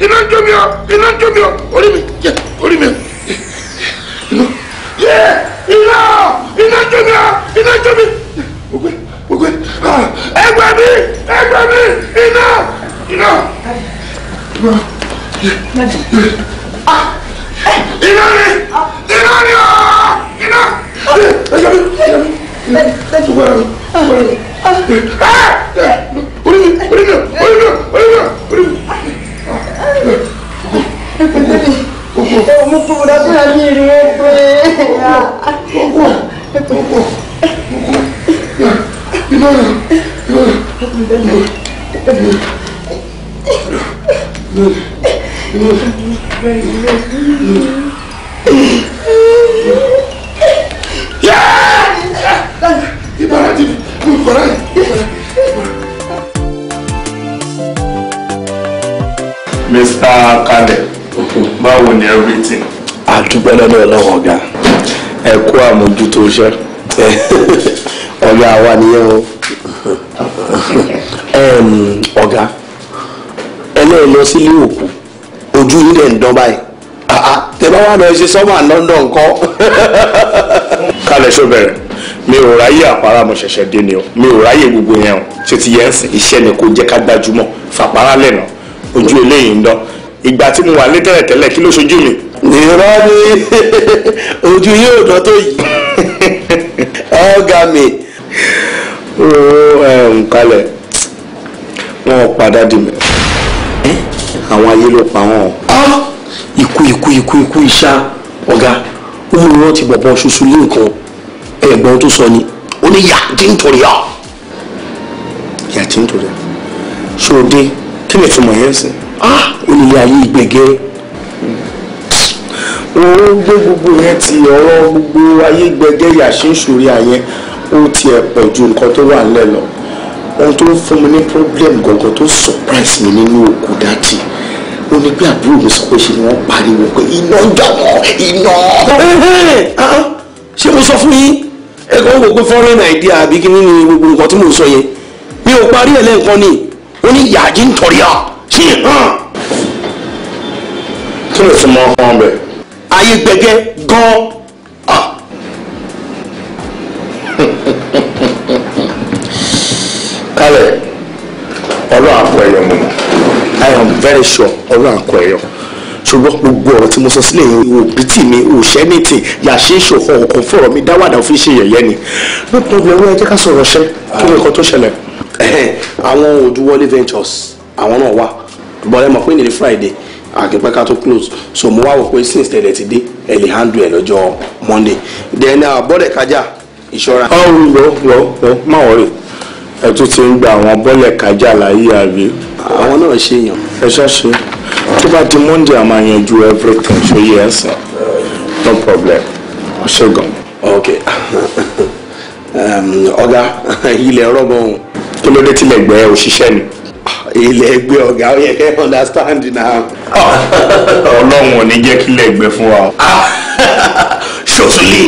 iná ń jó mi o iná ń jó mi o orí mi yẹ orí mi yẹ iná iná ń jó mi o iná ń jó mi ògbé ògbé ẹ gbà mí ẹ ah, iná iná ah, iná ni iná ni o iná ẹ gbà mí ẹ gbà mí ah, orí mi orí mi orí mi orí mi orí mi orí mi. Omukubula kulabirwe Yeah! Ibarati! Ibarati! Mr. Kalẹ̀ báwo ni everything. àdúgbò lọ́dọ̀ ọlọ́wọ́ ọ̀gá ẹ kú àmójútó iṣẹ́ ọ̀gá wa nìyẹn o ọ̀gá ẹlẹ́yìn lọ sílé òkú ojú yín dẹ̀ ń dán báyìí tẹ bá wà lọ ṣe sọ́mà London kọ́. Kalẹ̀ ṣó bẹ̀rẹ̀ mi ò ráyè àpárá mo ṣẹ̀ṣẹ̀ dé ni o mi ò ráyè gbogbo yẹn o ṣe ti yẹn sìn iṣẹ́ ni kò jẹ́ ká gbajúmọ̀ fàpárá lẹ́nu ojú eléyìí ń dán ìgbà tí mo wà ní tẹ́lẹ̀tẹ́lẹ̀ kí ló ṣojú mi. nìrọ ni ojú yóò dán tó yìí ọ̀gá mi. ó nkalẹ̀ wọn ò padà dì mí. àwọn ayé ló pa wọn. ikú ikú ikú ikú iṣá ọ̀gá ó mú wọn ti bọ̀bọ̀ ṣoṣo lé nǹkan ẹ̀gbọ́n tó sọ ni ó ní yà tí ń torí ọ. yà tí kí ni ìtumọ̀ yẹn sìn ah onílé ayé ìgbẹ̀gẹ́ òun gbé gbogbo yẹn ti ọ̀rọ̀ gbogbo ayé gbẹ̀gẹ́ yàṣẹ́ ìṣòrí àyẹn ó tiẹ̀ pọ̀ ju nǹkan tó wà nílẹ̀ lọ ohun tó ń fún mi ní problem gangan tó surprise mi nínú òkú dátì ó ní pé àbúrò mi sọ pé ṣe ni wọ́n pariwo pé iná ń dàgbọ́ iná. Ah, ṣé mo sọ fún yín ẹ kàn ń gbogbo foreign idea àbí kí nínú gbogbo nǹkan tí mò ń sọ yẹn mi ò parí ẹ̀ lẹ́ẹ̀kan ni ó ah. ah. am very sure ọlọ́run àpò ẹ̀yọ̀ ṣùgbọ́n gbogbo ọ̀rọ̀ tí mo sọ sílẹ̀ yẹn o bìtì mi o ṣẹ́ ní tì yà ṣe é ṣòkan ọ̀kan fọ̀rọ̀ mi dáwàdà fi ṣe yẹ̀yẹ́ ni. lóòótọ́ ìgbà owó ẹ jẹ́ ká sọ̀rọ̀ ṣẹ́ kí ni nǹkan tó ṣẹlẹ̀. àwọn òdúwọlé ventures àwọn náà wà bọ́lá mọ̀ pé ní friday àgbẹ̀pẹ́ ká tó close so mo wá wò pé since tẹ̀lẹ̀ ti dé ẹ̀ lè handle ẹ̀ lọ́jọ́ monday then uh, bọ́lẹ̀ kájà ìṣọ́ra. ọ lọ lọ lọ má wọrí ẹ tún ti ń gba àwọn bọ́lẹ̀ kájà láyé àbí. àwọn náà ṣe yàn. ẹ ṣáṣe tó bá di monday a máa yanjú everything So, yẹ ẹ sàn no problem ṣé gan. ok um, ọ̀gá ilẹ̀ rọ̀bọ̀ ọ̀hún kí ló dé tilẹ̀ gbẹ́ òṣìṣẹ́ ni. ilẹ̀ ẹgbẹ́ ọ̀gá ó yẹ kẹ́ understand na. ọlọ́run ò ní jẹ́ kí ilẹ̀ ẹgbẹ́ fún wa. Ah. ṣòtúlì.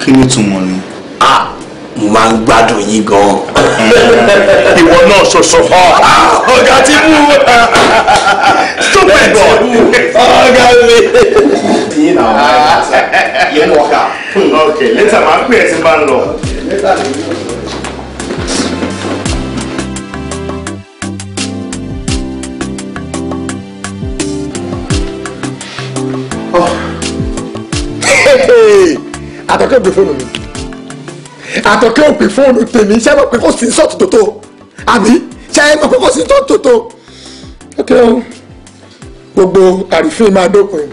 kí ni ìtumọ̀ ni. Ah, mo máa ń gbádùn yín gan ìwọ náà ṣoṣo ah. ọ̀gá ti mú stupid boy ọ̀gá mi. yín náà wọ́n ká yín wọ́n ká. ok later máa ń pè é tí bá ń lọ. àtọ̀kẹ́ ògbé fóònù mi àtọ̀kẹ́ ògbé fóònù tèmi ṣé ẹ mọ̀ pé kò sí sọ́ọ̀tù tó tó àbí ṣé ẹ mọ̀ pé kò sí sọ́ọ̀tù tó tó ok o gbogbo àrífín máa dópin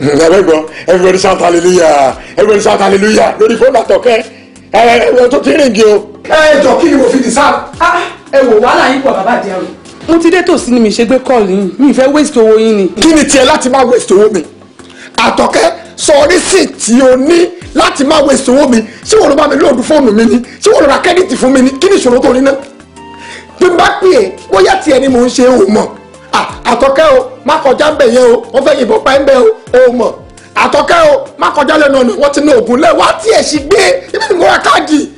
ẹ̀rẹ́ gbọ́ everybody shout hallelujah everybody shout hallelujah lórí fóònù àtọ̀kẹ́ ẹ ẹ tó ti rìn gí o. ẹ jọ kí ni mo fi dì sáà. Ah, ẹ wò wàhálà yín pọ̀ bàbá àdìyà rò mo ti dé tòsí ni mi ṣe gbé kọ́ọ̀lù yín mi fẹ́ waste owó yín ni. kí ni tiẹ̀ láti máa waste owó mi àtọ̀kẹ́ sọ rísì tí o ní láti má waste owó mi ṣé wọ́n ló bá mi lóòdù fóònù mi ni ṣé wọ́n ló ra kẹ́díìtì fún mi ni kí ni ìṣòro tó ní ná bí n bá pè é bóyá tiẹ̀ ni mò ń ṣe ò mọ̀ àtọ́kẹ́ o má kọjá ń bẹ̀ yẹn o wọ́n fẹ́ yìnbọn pa ń bẹ̀ o ò mọ̀ àtọ́kẹ́ o má kọjá lẹ́nu ọ̀nà wọ́n ti ní òògùn lẹ́ wá tiẹ̀ sì gbé e. ibi tí mo ra káàdì.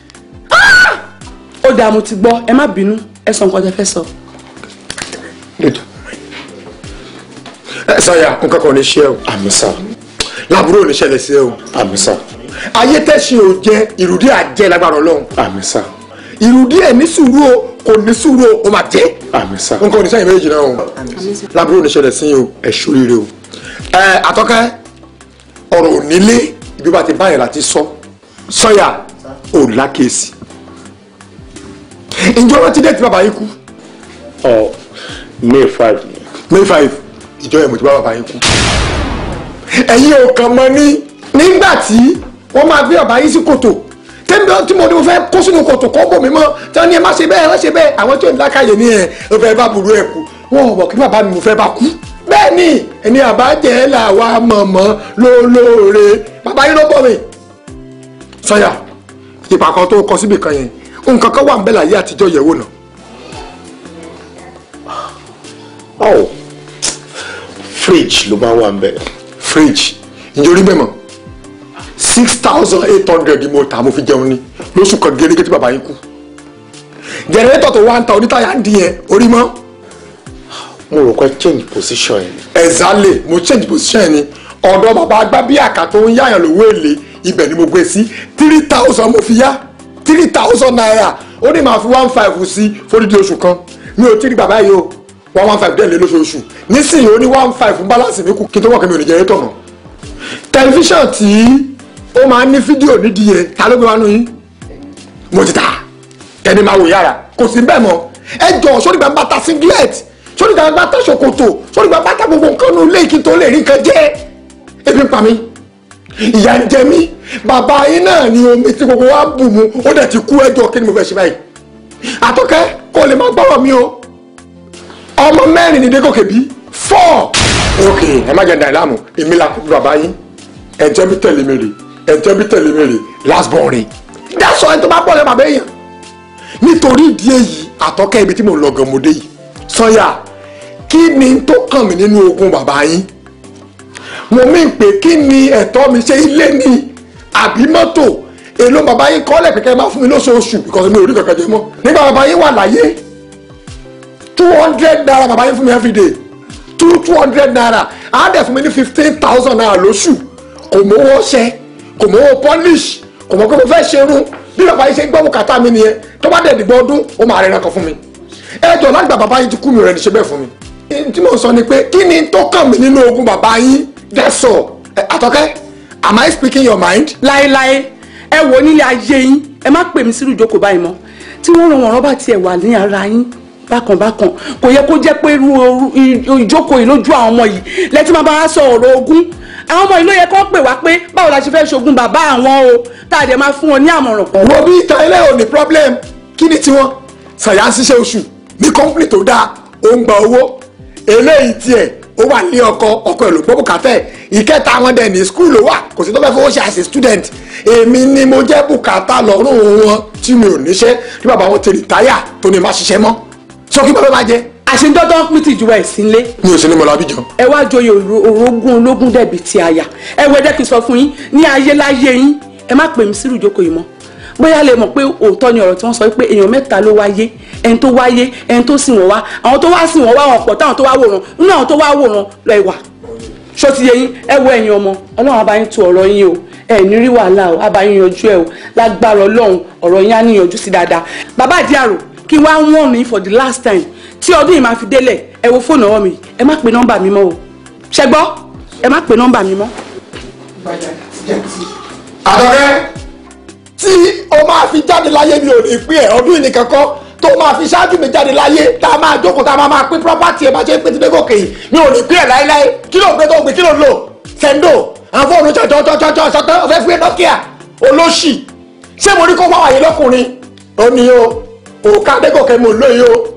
Ah! ó dáa mo ti gbọ́ ẹ má bínú ẹ sọ nǹkan tẹ́ fẹ́ sọ. ẹ láburú ò ní ṣẹlẹ̀ sí ẹ o. àmì sà. ayé tẹ̀sìn ò jẹ́ ìrùdí àjẹ́ lágbára ọlọ́run. àmì sà. ìrùdí ẹ̀ ní sùúrù o kò ní sùúrù o ó máa jẹ́. àmì sà. nǹkan oníṣẹ́ ìmọ̀ èjì náà o. láburú ò ní ṣẹlẹ̀ sí o ẹ̀ ṣoríire o. ẹ àtọ́kẹ́ ọ̀rọ̀ nílé ibi bá ti bá yẹn láti sọ sọ́yà ò lákèsì. ǹjọ́ wọn ti dé ti bàbá yín kú. ọ May five. May five ìjọ yẹn mo ti bá bàbá yín kú ẹ̀yin ò kàn mọ́ ní nígbà tí wọ́n máa gbé ọ̀bá yìí sí kòtò tẹ́ńdọ́ tí mo ní mo fẹ́ kó sínú kòtò kó bò mí mọ́ tí wọ́n ní ẹ má ṣe bẹ́ẹ̀ má ṣe bẹ́ẹ̀ àwọn tí ò ní lákàyè ní ẹ̀ ló fẹ́ bá burú ẹ̀ kú wọn ò mọ̀ kí bàbá mi mo fẹ́ bá kú bẹ́ẹ̀ ni ẹni àbájẹ́ làwa mọ̀mọ́ lólóore bàbá yín ló bọ̀ mi. sọyà ìpàkọ́ tó kọ síbì kan yẹn nǹkan kan wà ń bẹ láyé àtijọ́ yẹ̀wò náà. fridge ló máa wà ń bẹ fridge ìjọrí bẹ́ẹ̀ mọ̀ six thousand eight hundred ni mo tà mo fi jẹun ni lóṣù kan gẹ́gẹ́ tí bàbá yín kú jẹnẹrétọ̀ tó wá ń ta onítáyà ń di orí mọ́. mo rò pé change position yẹn. exactly mo change position yẹn ni ọ̀dọ̀ bàbá agbábíàkà tó ń yáyàn lówó èlé ibẹ̀ ni mo gbé sí three thousand mo fi yá three thousand naira ó ní màá fi one five sí fódìdí oṣù kan mi ò tí ì rí bàbá yìí o one one five dẹ́n lé lóṣooṣù nísìnyí ó ní one five fún balance mi kù kí n tó wọ̀ kẹ́mi ò ní jẹ́ tọ̀ mọ́ tẹlifíṣàn tí ó máa ń ní fídíò nídìí yẹn ta ló gbé wá nù yín mo ti ta ẹni máa wò yára kò sí bẹ́ẹ̀ mọ́ ẹ jọ sórí gbàgbà ta singlet sórí gbàgbà ta ṣòkòtò sórí gbàgbà ta gbogbo nǹkan nù lé kí n tó lè rí nǹkan jẹ ebi ń pa mí ìyà ń jẹ mí bàbá yín náà ni omi tí gbogbo wa ń bù mu ó dẹ̀ ti kú ẹjọ́ kí ni mo fẹ́ ṣe báyìí àtọ́kẹ́ kó lè má gbọ́rọ̀ mi o ọmọ mẹ́rin ni dégòkè bí four. ok ẹ má jẹ dàn láàmú èmi la kú bàbá yín ẹ̀jẹ̀ bí tẹ̀lé mi rè ẹ̀jẹ̀ bí tẹ̀lé mi last born rè dáṣọ ẹni tó bá pọ̀ lẹ́ bàbá èèyàn nítorí ìdí èyí àtọ́kẹ́ ibi tí mo lọ gan yìí sọ́yà kí ni tó kàn mí nínú ogun bàbá yín mo mí pé kí ni ẹ̀tọ́ mi ṣe ilé ni àbí mọ́tò èlò bàbá yín kọ́lẹ̀ pé kẹ́ má fún mi lóṣooṣù because mi ò rí kankan jẹ mọ́ nígbà bàbá yín wà láyé two hundred naira bàbá yín fún mi every day two two hundred naira á dẹ̀ fún mi ní fifteen thousand naira lóṣù kò mówó ṣe kò mówó polish kò mọ̀ pé mo fẹ́ ṣerun bí bàbá yín ṣe ń gbọ́ bùkátà mi nìyẹn tó bá dẹ̀ dìgbọ́ ọdún ó máa rẹ̀ rankan fún mi ẹ jọ lágbà bàbá yín ti kú mi rẹ̀ ní ṣe bẹ́ẹ̀ fún mi. tí mo sọ ni pé kí ni tó kàn mí nínú ogun bàbá yín dẹ́sọ̀ àtọ́kẹ́ am I speaking your mind. láéláé ẹ wò nílé ayé yín ẹ má pè mí sírù ìjókòó báyìí mọ́ tí wọ́n ràn wọ́n rán bá tiẹ̀ wà ní ara yín bákan bákan kò yẹ kó jẹ́ pé irú ìjókòó yìí lójú àwọn ọmọ yìí lẹ́tí máa bá wá sọ ọ̀rọ̀ ogún àwọn ọmọ yìí ló yẹ kó pè wá pé báwo la ṣe fẹ́ ṣogún bàbá àwọn o tá a dẹ̀ máa fún wọn ní àmọ̀ràn. wo bí ìta ilé ò problem kí ni tiwọn ṣàyà ń ṣiṣẹ́ oṣù ní kọ́ńpìlì tó dáa ó ń gba owó eléyìí tiẹ̀ ó wà ní ọkọ ọkọ ẹ̀ ló gbọ́ bùkátẹ́ ìkẹta wọn dẹ̀ ní skul ló wà kò sí tó fẹ́ fowó ṣe àṣẹ student èmi ni mo jẹ́ bùkátà lọ́rùn wọn tí mi ò níṣẹ́ tí bàbá wọn ti rìtáyà tó ní má ṣiṣẹ́ mọ́ sọ kí bàbá máa jẹ àṣetọ́tọ́ pìtì ju ẹ̀ sílé. mi ò sí ní mọ̀lá bíjọ. ẹ wá joyè orogún ológun dẹ̀bi ti àyà ẹ wọ ẹdẹ́kin sọ fún yín ní ayé láyé yín ẹ má pè mí sírù ìjókòó yìí mọ́ bóyá lè mọ̀ pé òótọ́ ni ọ̀rọ̀ tí wọ́n sọ pé èèyàn mẹ́ta ló wáyé ẹni tó wáyé ẹni tó sìn wọ́n wá àwọn tó wá sìn wọ́n wá wọn pọ̀ táwọn tó wá wòran nínú àwọn tó wá wòran lọ ẹ̀wà ṣó ti yé yín ẹ wo ẹ̀yin ọmọ ọlọ́run abá tu ọ̀rọ̀ yín o ẹ ní rí wàhálà o abá yín yanjú ẹ o lágbára ọlọ́run ọ̀rọ̀ yín á níyanjú sí dáadáa bàbá àdìárò kí n wá wọ̀n ní for the last time tí ọdún yìí máa fi délẹ̀ ẹ wo fóònù ọwọ́ mi ẹ má pe nọ́mbà mi mọ́ o ṣẹ gbọ́ ẹ má pe nọ́mbà mi mọ́. àdọ̀rẹ́ tí o máa fi jáde láyé mi ò ní pín ẹ̀ ọdún yìí nìkan kọ́ tó máa fi ṣáájú mi jáde láyé tá a máa jókòó tá a máa pín property ẹ̀ bá ṣe ń pín tìdé gòkè yìí mi ò ní pín ẹ̀ láéláé kí ló ń gbé tó ń gbé kí ló ń lò sẹ́ńdò àwọn jọjọjọjọ sọtọ́ ọ̀fẹ́ fún nọ́kíà olóṣì ṣé mo rí kó wá lọ́kùnrin ó ní o kò ká dégò kẹ́ mo lóye o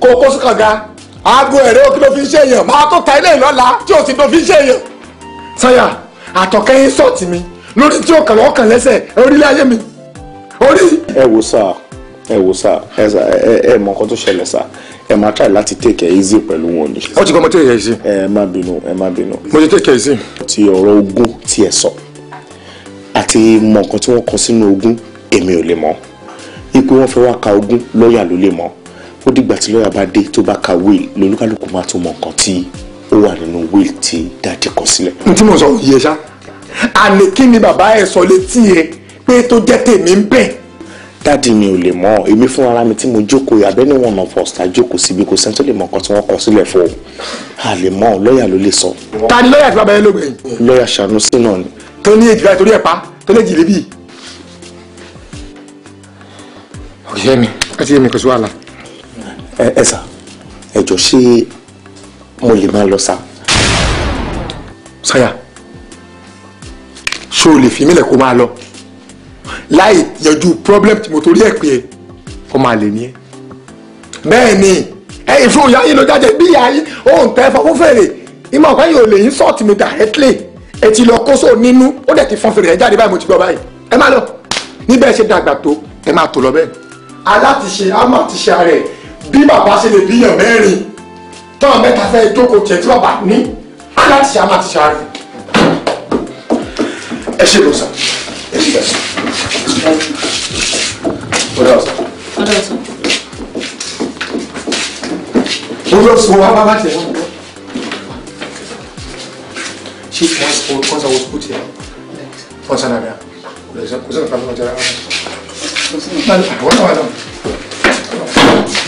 kò kó sí kànga aago ẹ̀rẹ́ o kí ló fi ń ṣe èèyàn máa tó ta ilé ìlọ́la tí o sì tó fi ń ṣe èèyàn. sanya àtọ̀kẹ́yìn sọ̀tì mi lórí tí o kàn lọ́ kàn lẹ́sẹ̀ orílẹ̀ ayé mi orí. ẹ wo sá ẹ wo sá ẹ ẹ mọ nǹkan tó ṣẹlẹ̀ sá ẹ máa try láti take it easy pẹ̀lú wọn ni. ó ti kọ́ ọmọ take it easy. ẹ má bínú ẹ má bínú. mo ti take it easy. ti ọ̀rọ̀ ogún tí ẹ sọ àti mọ nǹkan tí wọ́n kọ sínú ogún èmi ò lè mọ̀ ipe wọ́n fẹ́ wá ka ogún lọ́ọ̀yà ló lè mọ̀ ó dìgbà tí lọ́ọ̀yà bá dé tó bá ka will lolúkálùkù máa tó mọ nǹkan tí ó wà nínú will tí dáàdì kọ sílẹ̀. n tí mo sọ yẹ ṣá àní kí ni bàbá ẹ sọ létí ẹ pé tó jẹ́ tèmi ń bẹ̀. dáàdì mi ò lè mọ̀ èmi fún ara mi tí mo jókòó abẹ́ni wọn náà fọ̀ọ́sítà jókòó síbi kò sẹ́ni tó lè mọ nǹkan tí wọ́n kọ sílẹ̀ fún un a lè mọ̀ lọ́ọ̀yà ló lè sọ. ta ni lọ́ọ̀yà tí bàbá yẹn ló gbẹ̀yìn. lọ́ọ̀yà Sanusi náà ni. tó ní èjìlá ìtorí ẹ̀ pa tó lè jìlébì kò yé mi ẹ ti yé mi kò sí wàhálà. ẹ ẹ sà ẹ jọ ṣé mo lè máa lọ sá. sáyà ṣé o lè fi mí lẹ̀ kó máa lọ láì yanjú problem tí mo torí ẹ̀ pé kó máa lè ní ẹ. bẹ́ẹ̀ ni ẹ̀yin fún ìyá yín ló jáde bí ìyá yín òun tẹ́ fọwọ́ fèrè ìmọ̀ ọ̀pá yìí ò lè yín sọ́ọ̀tì mi directly ẹ ti lọ kóso nínú ó dẹ̀ ti fọn fèrè ẹ̀ jáde báyìí mo ti gbọ́ báyìí ẹ má lọ níbẹ̀ ṣe dàgbà tó ẹ má tó lọ bẹ́ẹ̀ alátiṣe ama ti ṣe ààrẹ bí bàbá ṣe lè bíyàn mẹ́rin táwọn mẹ́ta fẹ́ jókòó tiẹ̀ tí bàbá ní alátiṣe ama ti ṣe ààrẹ. ẹ ṣe lọ sá ẹ ṣe lọ sá. ọ̀dà ọ̀sán. ọ̀dà ọ̀sán. mo lọ sọ wa bá bá tiẹ̀ wọ́n lọ. she transport once I was put here. Once I was put here. 那我上来头。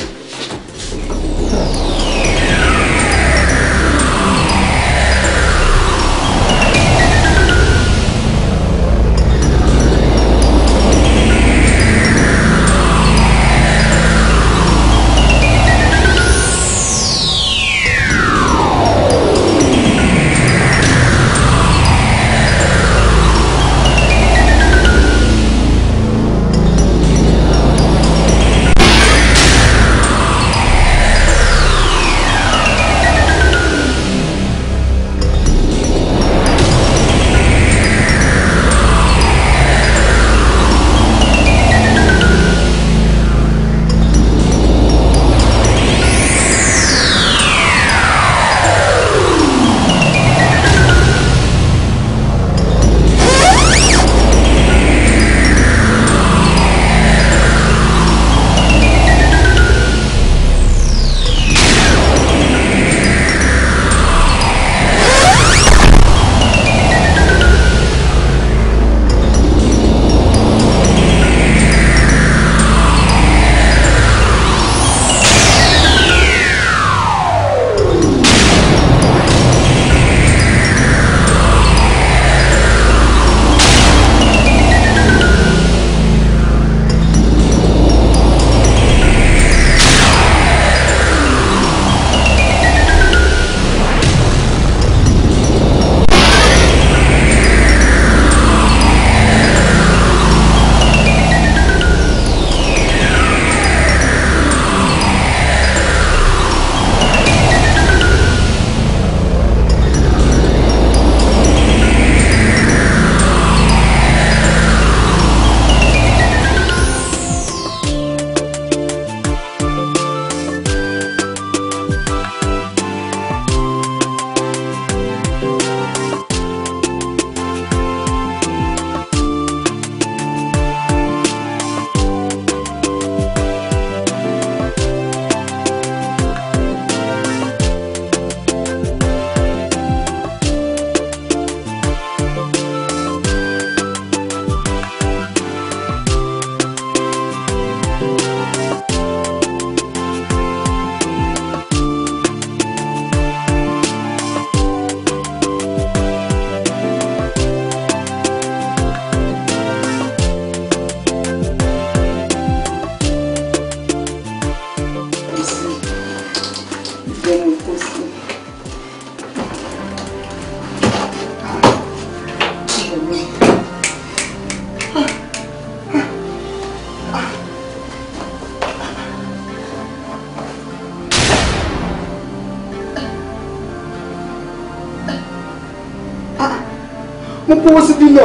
mo kówó síbí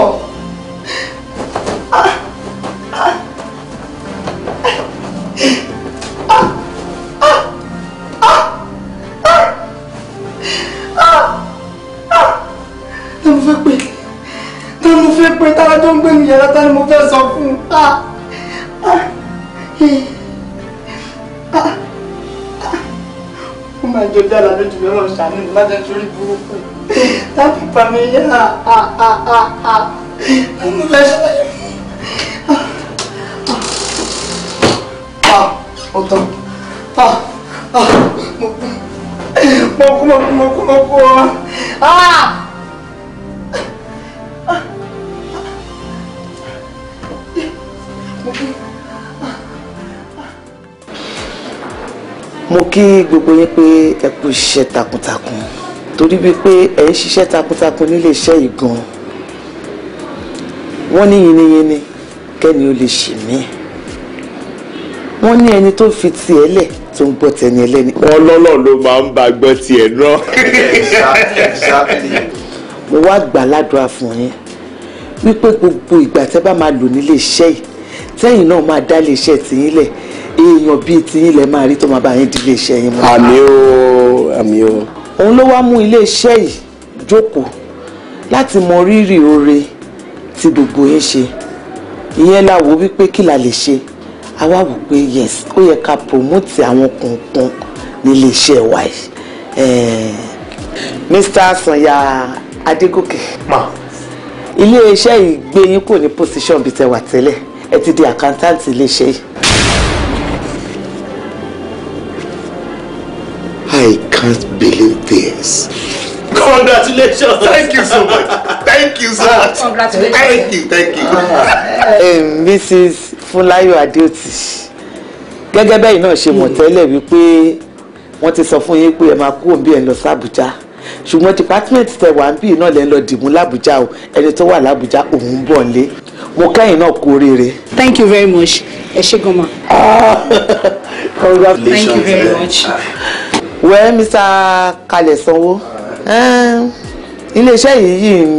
Ah, ah, ah, ah, ah, ah, ah, ah. pè tára tó ń gbé mi yàrá tá ni mo fẹ́ sọ fún un. Ah, ah, jọ ah, ah. ah! mi ọlọ́run ṣàánú mi má jẹ́ torí burúkú láti pa mí yá. Ah! gbogbo yín pé ẹ kú iṣẹ́ takuntakun torí bíi pé ẹ ń ṣiṣẹ́ takuntakun nílé iṣẹ́ yìí gan-an wọ́n ní yiniyini kẹ́ni ó lè ṣì mí wọ́n ní ẹni tó fi tiẹ̀ lẹ̀ tó ń gbọ́ tẹni ẹlẹ́ni. wọn lọ́lọ́ ló máa ń bá gbọ́ tiẹ̀ náà. mo wá gbà ládùúrà fún yín wípé gbogbo ìgbà tẹ́ bá máa lò nílé iṣẹ́ yìí tẹ́yìn náà máa dá ilé iṣẹ́ tiyín lẹ̀ èèyàn bíi ti ilẹ̀ máa rí tó máa bá yín di iléeṣẹ́ yín mú. àmì o àmì o. òun ló wá mú iléeṣẹ́ yìí jókòó láti mọ rírì oore tí gbogbo yín ṣe ìyẹn la wípé kí la lè ṣe a wò pé yes ó yẹ ká promote àwọn kọ̀ọ̀kan níléeṣẹ́ wa yìí eh, Mr. Sanya Adégòkè ma iléeṣẹ́ yìí gbé yín kò ní position bíi tẹwà tẹ́lẹ̀ ẹ ti di accountant iléeṣẹ́ yìí. can't believe this. Congratulations. Thank you so much. Thank you so much. Congratulations. Thank you, thank you. Uh-huh. um, Mrs. Fúnláyọ̀ Adéòtì. Gẹ́gẹ́ bẹ́yìn náà ṣe mọ̀ hmm. tẹ́lẹ̀ wípé wọ́n ti sọ fún yín pé ẹ máa kúrò bí ẹ ń lọ sí Àbújá. Ṣùgbọ́n department tẹ wà ń bí náà lẹ́ ń lọ dìbò l'Àbújá o. Ẹni tó wà l'Àbújá òun ń bọ̀ lé. Mo kẹ́yìn náà kú oríire. Thank you very much. Ẹ ṣé gan ma. Congratulations. Thank you very much wẹ́ẹ́ Mr. Kalẹ̀ Sanwó eh, iléeṣẹ́ yìí yìí ń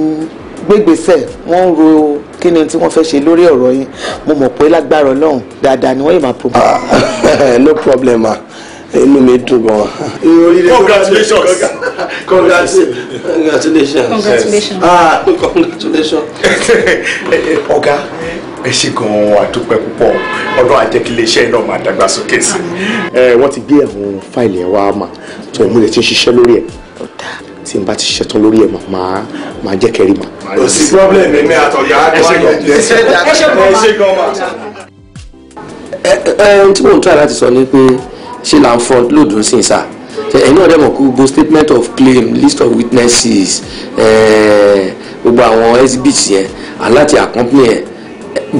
gbégbèsè wọ́n ń ro kí ni tí wọ́n fẹ́ ṣe lórí ọ̀rọ̀ yín mo mọ̀ pé lágbára Ọlọ́run dáadáa ni wọ́n yóò máa promo. Ah, no problem ma inú mi dùn gan. congratulations congratulations congratulations congratulations. Ah, ọ̀gá ẹ ṣe gan-an àdúpẹ́ púpọ̀ ọdún àjẹkíléeṣẹ́ náà máa dàgbàsókè sí i. wọ́n ti gbé àwọn fáìlì ẹ̀ wá mà tó ìmúlẹ̀ tí ń ṣiṣẹ́ lórí ẹ̀ tí n bá ti ṣiṣẹ́ tán lórí ẹ̀ máa máa jẹ́ kẹ́rì mà. kò sí pọ́blẹ̀mù ẹ̀mí àtọ̀yà ẹ ṣe gan-an ẹ ṣe gan-an mà. ẹ ẹ tí mò ń tọ́ láti sọ ni pé ṣé là ń fọ lóòdùn sí sá ẹ̀yin náà dẹ̀ mọ̀ kó gbogbo statement of claim list of witnesses gbogbo àwọn exhibits yẹn and láti accompany yẹn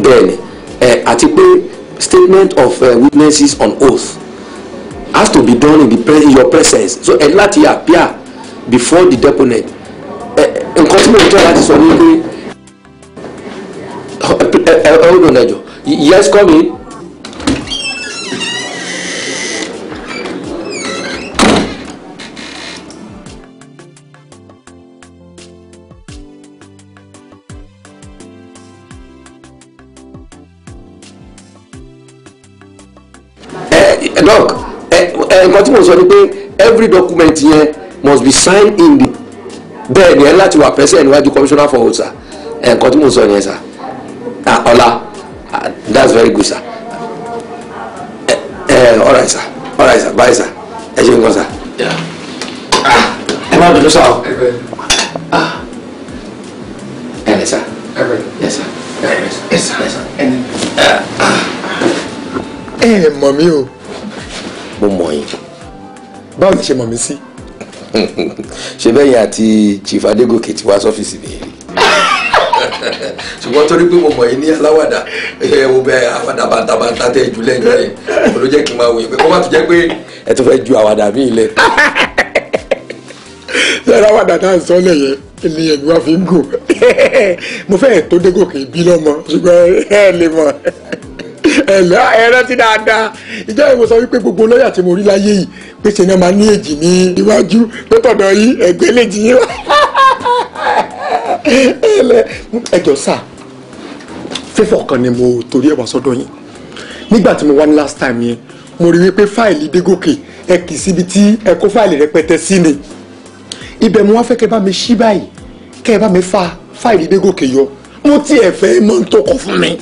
bẹ́ẹ̀ni àti pé statement of uh, witnesses on oath has to be done in, pre in your presence so ẹ láti appear before the deponent nǹkan tí mo ń tọ́ láti sọ ni pé ẹ ẹ ẹ hold yes come in. doc eh, eh, eh, nǹkan tí mo sọ ni pé every document yẹn must be signed in the bẹ́ẹ̀ ni ẹ láti wà present níwájú commissioner for old sir nǹkan tí mo sọ yẹn sir ah, ọlá ah, that's very good sir all right sir all right sir bye sir ẹ ṣe nǹkan sir. Ah, ẹ má bínú sá o ẹ ní sá ẹ sá ẹ sá ẹ sá ẹ mọ̀ mí o mo mọ̀ yín. báwo lè ṣe mọ̀ mí sí. ṣe bẹ́yìn àti chief adégòkè ti wá sọ́fíìsì mi rí ṣùgbọ́n torí pé mo mọ̀ yín ní aláwàdà ẹ wo bẹ àwàdà bàtàbàtà tẹ jù lẹ́yìn rẹ̀ mo ló jẹ́ kí n máa wòye pé kó má tún jẹ́ pé ẹ tún fẹ́ ju àwàdà mi lẹ̀. ṣé aláwàdà náà sọ lẹ́yìn ni wọ́n fi ń gùn mo fẹ́ẹ̀ tó dégòkè bí lọ́mọ ṣùgbọ́n ẹ lè mọ̀ ẹ̀lẹ́ ẹ̀rẹ́ ti dáadáa ìjọ ìwọ sọ wípé gbogbo lọ́ọ̀yà tí mo rí láyé yìí pèsè náà máa ní èjì ní iwájú tó tọ̀dọ̀ yìí ẹ̀gbẹ́ lè jì yín wá ẹ̀lẹ́ ẹ̀jọ̀ sà fífọ̀ kan ni mo torí ẹ̀ wá sọ́dọ̀ yín nígbà tí mo wá ní last time yẹn mo rí wípé fáìlì dégòkè ẹ kì í síbi tí ẹ kó fáìlì rẹpẹtẹ sí ni ibẹ̀ mo wá fẹ́ kẹ́ bá mi ṣí báyìí kẹ́ ẹ bá mi fa fáìlì dégòkè yọ mo tiẹ̀ fẹ́ mọ́ ń tọkọ fún mi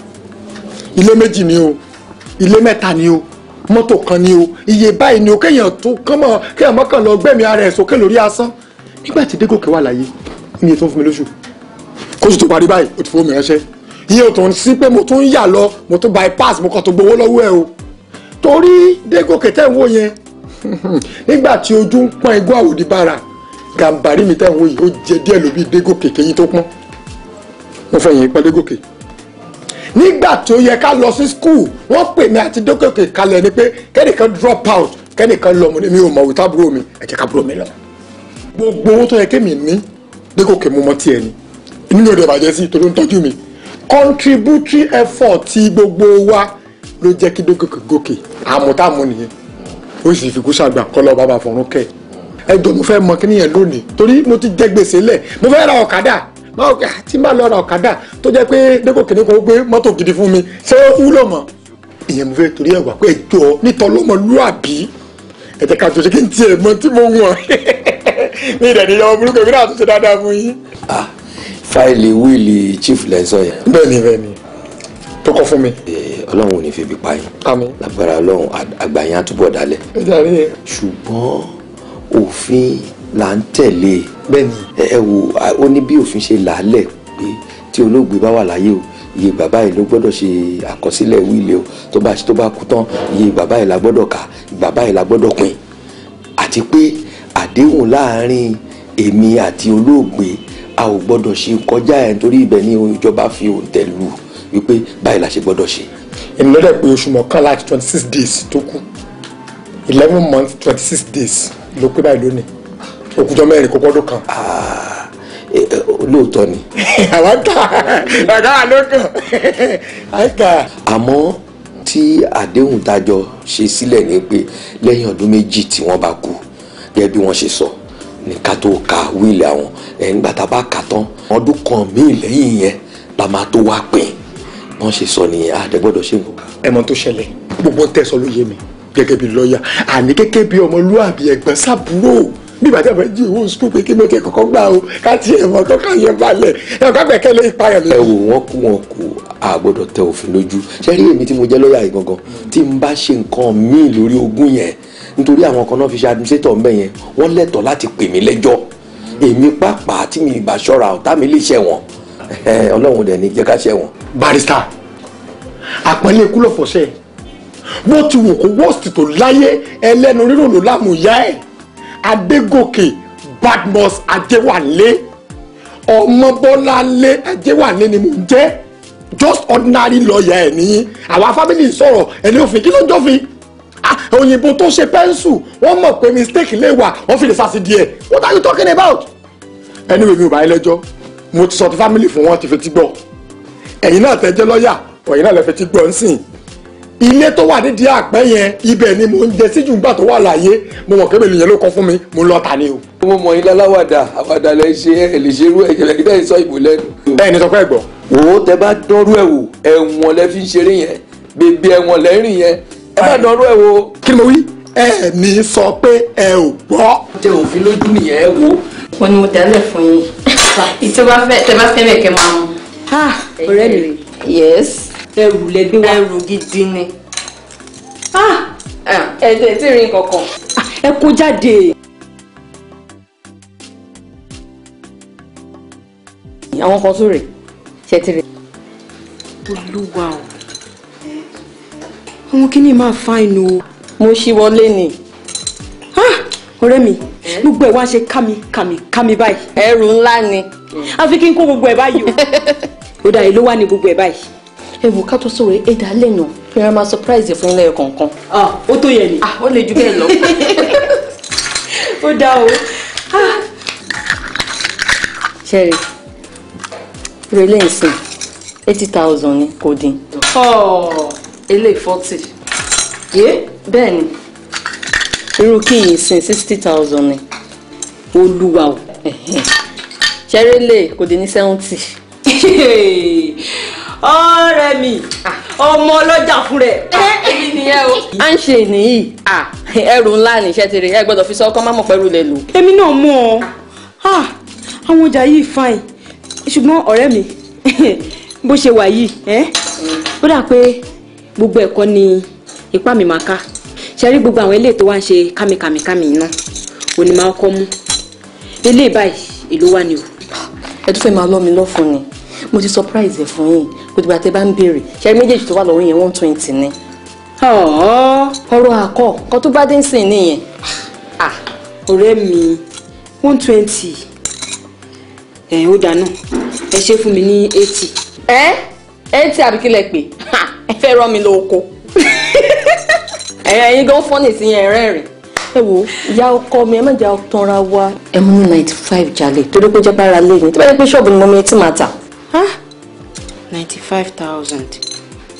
ilé méjì ni o ilé mẹ́ta ni o mọ́tò kan ni o iye báyìí ni o kéèyàn tó kánmọ́ kéèyàn mọ́kàn lọ gbẹ̀mí ara ẹ̀ sókè lórí asán nígbà tí dégòkè wà láyé iye tó fún mi lóṣù kóṣù tó parí báyìí o ti fowó mi ránṣẹ́ iye ò tó ń sí pé mo tún ń yà lọ mo tún bypass mo kàn tó gbowó lọ́wọ́ ẹ o torí dégòkè tẹ̀ ń wò yẹn nígbà tí ojú ń pọ́n igbó àwòdì bára gàǹbàrí mi tẹ̀ ń wò yìí ó jẹ díẹ̀ lóbi dégòkè kéyìn tó pọ́n mo fẹ́ yẹn dégòkè nígbà tó yẹ ká lọ sí school wọ́n pè mí àti dókòkè kalẹ̀ ni pé kẹ́nìkan drop out kẹ́nìkan lọ mo ní mi ò mọ̀ wíta búrò mi ẹ jẹ́ ká búrò mi lọ. gbogbo owó tó yẹ kémi ní dókòkè mo mọ tiẹ̀ ni inú mi ò dẹ̀ bàjẹ́ sí torí ó ń tọ́jú mi contributory effort ti gbogbo wa ló jẹ́ kí dókòkè gòkè àmútàmú nìyẹn ó sì fi kú ṣàgbà kọ́ lọ́ọ́ bàbá fọ̀rún kẹ́ẹ̀ ẹjọ́ mo fẹ́ mọ kí nìyẹn lónìí torí mo ti jẹ gbèsè lẹ̀ mo fẹ́ ra ọ̀kadà Ah, tí n bá lọ ra ọ̀kadà tó jẹ́ pé dẹ́kun kìnìún kan ó gbé mọ́tò gidi fún mi ṣé ó wúlò mọ́ ìyẹn mo fẹ́ torí ẹ̀wà pé ẹjọ́ nítorí ọmọlúàbí ẹ̀jẹ̀ ká tó ṣe kí n tiẹ̀ mọ tí mo wọ̀n mi ìdẹ̀ni yọ burúkú mi náà tó ṣe dáadáa fún yín. Ah, fáìlì wíìlì chief lẹ́sọ̀ yẹn. bẹ́ẹ̀ni bẹ́ẹ̀ni tó kọ fún mi. ọlọ́run ò ní febi pa là ń tẹ̀lé ẹ wò ó ní bí òfin ṣe làálẹ̀ pé tí olóògbé bá wà láyé o iye bàbá yìí ló gbọ́dọ̀ ṣe àkọsílẹ̀ wíìlì o tó bá tó bá kú tán iye bàbá yìí la gbọ́dọ̀ kà bàbá yìí la gbọ́dọ̀ pín àti pé àdéhùn láàárín èmi àti olóògbé a ò gbọ́dọ̀ ṣe kọjá ẹ̀ nítorí ibẹ̀ ni ìjọba fi òǹtẹ̀ lù wípé báyìí la ṣe gbọ́dọ̀ ṣe. èmi lọ́dẹ̀ pé oṣù mọ́kànlá àti twenty six days tó kù eleven months twenty six days ló pé báyìí lónìí òkùjọ mẹ́rin kó pọ́dún kan. Ah, eh, eh, lóòótọ́ ni. àwa ń tà ọ̀gá wa ló kàn á ń tà. àmọ́ tí àdéhùn tájọ ṣe sílẹ̀ ni pé lẹ́yìn ọdún méjì tí wọ́n bá kú gẹ́gẹ́ bí wọ́n ṣe sọ ní ká tó ka wíìlì àwọn ẹ̀ńgbà tá a bá kà tán ọdún kan míì lẹ́yìn yẹn la máa tó wá pín wọ́n ṣe sọ nìyẹn àdẹ́gbọ́dọ̀ ṣe nǹkan. ẹ tó ṣẹlẹ̀ gbogbo tẹsán ló yé mi gẹ́gẹ́ bí lọ́ọ̀yà àní gẹ́gẹ́ bí ọmọlúwàbí ẹ̀gbọ́n sábúrò bí bàtà bẹ jí owó sukùl pé kí ló tẹ kọ́kọ́ gbà o ká tiẹ̀ mọ̀ tó ká yẹn balẹ̀ ẹ ká gbẹ̀kẹ́lé ìpayà lọ. ẹ wò wọn kú wọn kú àgbọ́dọ̀ tẹ òfin lójú ṣé rí èmi tí mo jẹ́ lọ́ọ̀yà yìí gangan tí n bá ṣe nǹkan míì lórí ogún yẹn nítorí àwọn kan náà fi ṣe administrator ń bẹ̀ yẹn wọ́n lẹ́tọ̀ọ́ láti pè mí lẹ́jọ́ èmi pàápàá tí mi ìbá ṣọ́ra ọ̀tá mi lè ṣẹ̀wọ̀n ọlọ́run dẹ̀ ní jẹ́ ká ṣẹ̀wọ̀n. barrister àpẹẹlẹ ikú lọ̀fọ̀ṣẹ́ bó ti wò kó wọ́ọ̀sì tó láyé ẹlẹ́nu rírò ló láàmú ìyá ẹ̀ adégòkè badmus adéwálé ọmọbọ́láńlé adéwálé ni mò ń jẹ́ just ordinary lawyer ẹ̀ nìyí àwa family sọ̀rọ̀ ẹni òfin kí ló ń jọ́fin ah, òyìnbó tó ṣe pẹ́ńsù wọ́n mọ̀ pé mistake lè wà wọ́n fi lè sásì díẹ̀ what are you talking about. anyway mi ò bá yín lẹ́jọ́ mo ti sọ ti family fún wọn ti fetí gbọ́ ẹ̀yin náà tẹ́ jẹ́ lọ́ọ̀yà ẹ̀yin náà lẹ́ fetí gbọ́ ń sìn ilé tó wà nídìí àpẹ́ yẹn ibẹ̀ ni mo ń jẹ síjú gbà tó wà láàyè mo mọ̀ kébè nìyẹn ló kọ́ fún mi mo lọ tà ni o. mo mọ ilé aláwàdà àwàdà lẹ ṣe ẹ lè ṣe irú ẹjẹ lẹyìn tẹyìn sọ ìbò lẹ́nu. bẹ́ẹ̀ ni sọpẹ́ gbọ́. wo tẹ bá dọ́rú ẹ̀ wò ẹ̀wọ̀n lẹ fi ń ṣeré yẹn bèbè ẹ̀wọ̀n lẹ rìn yẹn ẹ bá dọ́rú ẹ̀ wò. kí ni mo wí ẹ ní sọ pé ẹ ò gbọ́. tẹ òfin lójú nìyẹn ẹ wo. mo ni mo tẹ́lẹ̀ fún yín ìtẹ́ yes ẹrù lẹ́gbẹ́ wa. ẹrù gidi ni. Ah! Ah! ẹ ah! ẹ tí rí nǹkan kan. ẹ kó jáde. àwọn kan tó rè ṣe ti rè. olúwa o àwọn kìíní máa fa inú o. mo ṣí wọlé ni. ọ̀rẹ́ mi gbogbo ẹ̀ wá ṣe kámi kámi kámi báyìí. ẹrù ńlá ni. àfi kí n kó gbogbo ẹ̀ báyìí o. ó dà èló wà ní gbogbo ẹ̀ báyìí ẹ wò ká tó sọ̀rọ̀ ẹ dá lẹ́nu kí wọ́n máa surprise fún ilé kọ̀ọ̀kan. ó tó yẹ ni. ó lè ju bẹ́ẹ̀ lọ. ó dá o. Ah. ṣẹ́rí relé ìsìn eighty thousand ni kò dín. ilé forty. bẹ́ẹ̀ ni irú kí ìsìn sixty thousand ni olúwa o ṣẹ́rí lè kò dín ní seventy. ọ̀rẹ́ mi ah, ọmọ ọlọ́jà fún rẹ̀. Eh, eh, èmi nìyẹn o. à ń ṣe nìyí ah, ẹrù ńlá níṣẹ́ ti rí ẹ gbọ́dọ̀ fi sọ ọkọ má mọ̀ pẹ̀lú lè lò. èmi náà mú ọ ah, àwọn ọjà yìí fine ṣùgbọ́n ọ̀rẹ́ mi bó ṣe wà yìí eh? ó dà pé gbogbo ẹ̀kọ́ ni ipá mi máa ká ṣe rí gbogbo àwọn eléyìí tó wá ń ṣe kámikàmikàmi iná òní máa kọ́ mú eléyìí báyìí èló wà ní o. ẹ tún fẹ́ máa lọ́ mi lọ́fun ni mo ti surprise ẹ fún yín kò dìgbà tẹ bá ń béèrè ṣe méjèèjì tó wà lọ́wọ́ yẹn one twenty ni. ọ̀rọ̀ Akọ. kan tó bá dé ń sìn nìyẹn. Ah, ọ̀rẹ́ mi one twenty ẹ̀ ó dáná ẹ ṣe fún mi ní eighty. ẹ eighty àbíkílẹ̀ pé ẹ fẹ́ rán mi lóko ẹ̀yin gan fọ́nì sí yẹn rẹ́rìn ẹ wo ìyá ọkọ mi ẹ má jà tanra wa. ẹ mú ninety five jalè torí pé jábára lẹ́yìn tí wọ́n yẹ pé ṣọ́ọ̀bù ni mo mi ti máa tà ninety five thousand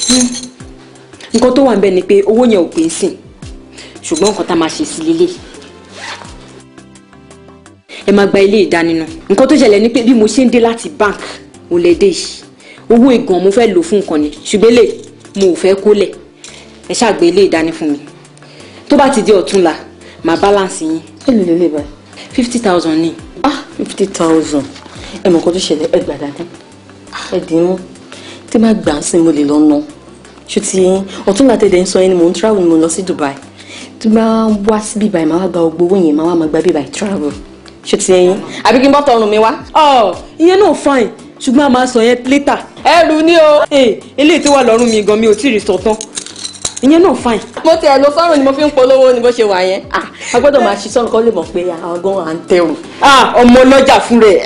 hmm. nǹkan tó wà ń bẹ ni pé owó yẹn ò pé ń sìn ṣùgbọ́n nǹkan tá a máa ṣe sí lélẹ̀ ẹ máa gba ilé ìdánínú nǹkan tó ṣẹlẹ̀ ni pé bí mo ṣe ń dé láti bank ò lè dé yìí owó ìgàn mo fẹ́ lò fún nǹkan ni ṣùgbọ́n lè mo ò fẹ́ kólẹ̀ ẹ ṣàgbé ilé ìdání fún mi tó bá ti di ọ̀túnla màá balance yín. èlò lè lè báyìí. fifty thousand ni. ah fifty thousand ẹ mọ̀ nǹkan tó ṣẹlẹ̀ ẹ gbà ẹ̀dín mú tí má gbà á sí mo lè lọ nà ṣó ti yín ọ̀tún láti ẹ̀dẹ̀ ń sọ yín ni mò ń travel mo lọ sí Dubai tí má wá sí bíbá yìí má wá gba gbogbo owó yẹn má wá má gba bíbá yìí travel ṣó ti yín àbí kí n bọ́ tọrùn mi wá. ọ oh, ìyẹn náà fine ṣùgbọ́n a máa sọ yẹn later. ẹrù ni o. Eh, eléyìí tí wà lọ́rùn mi gan mi ò tí ì rí sọ tán ìyẹn náà fine. mo tiẹ̀ lo fọ́rùn ni mo fi ń polówó ni bó ṣe wà yẹn ah, a gbọ́dọ̀ máa ṣiṣọ́ nǹkan lè mọ̀ pé àwọn gan à ń tẹrù ah, ọmọ ọlọ́jà fún rẹ̀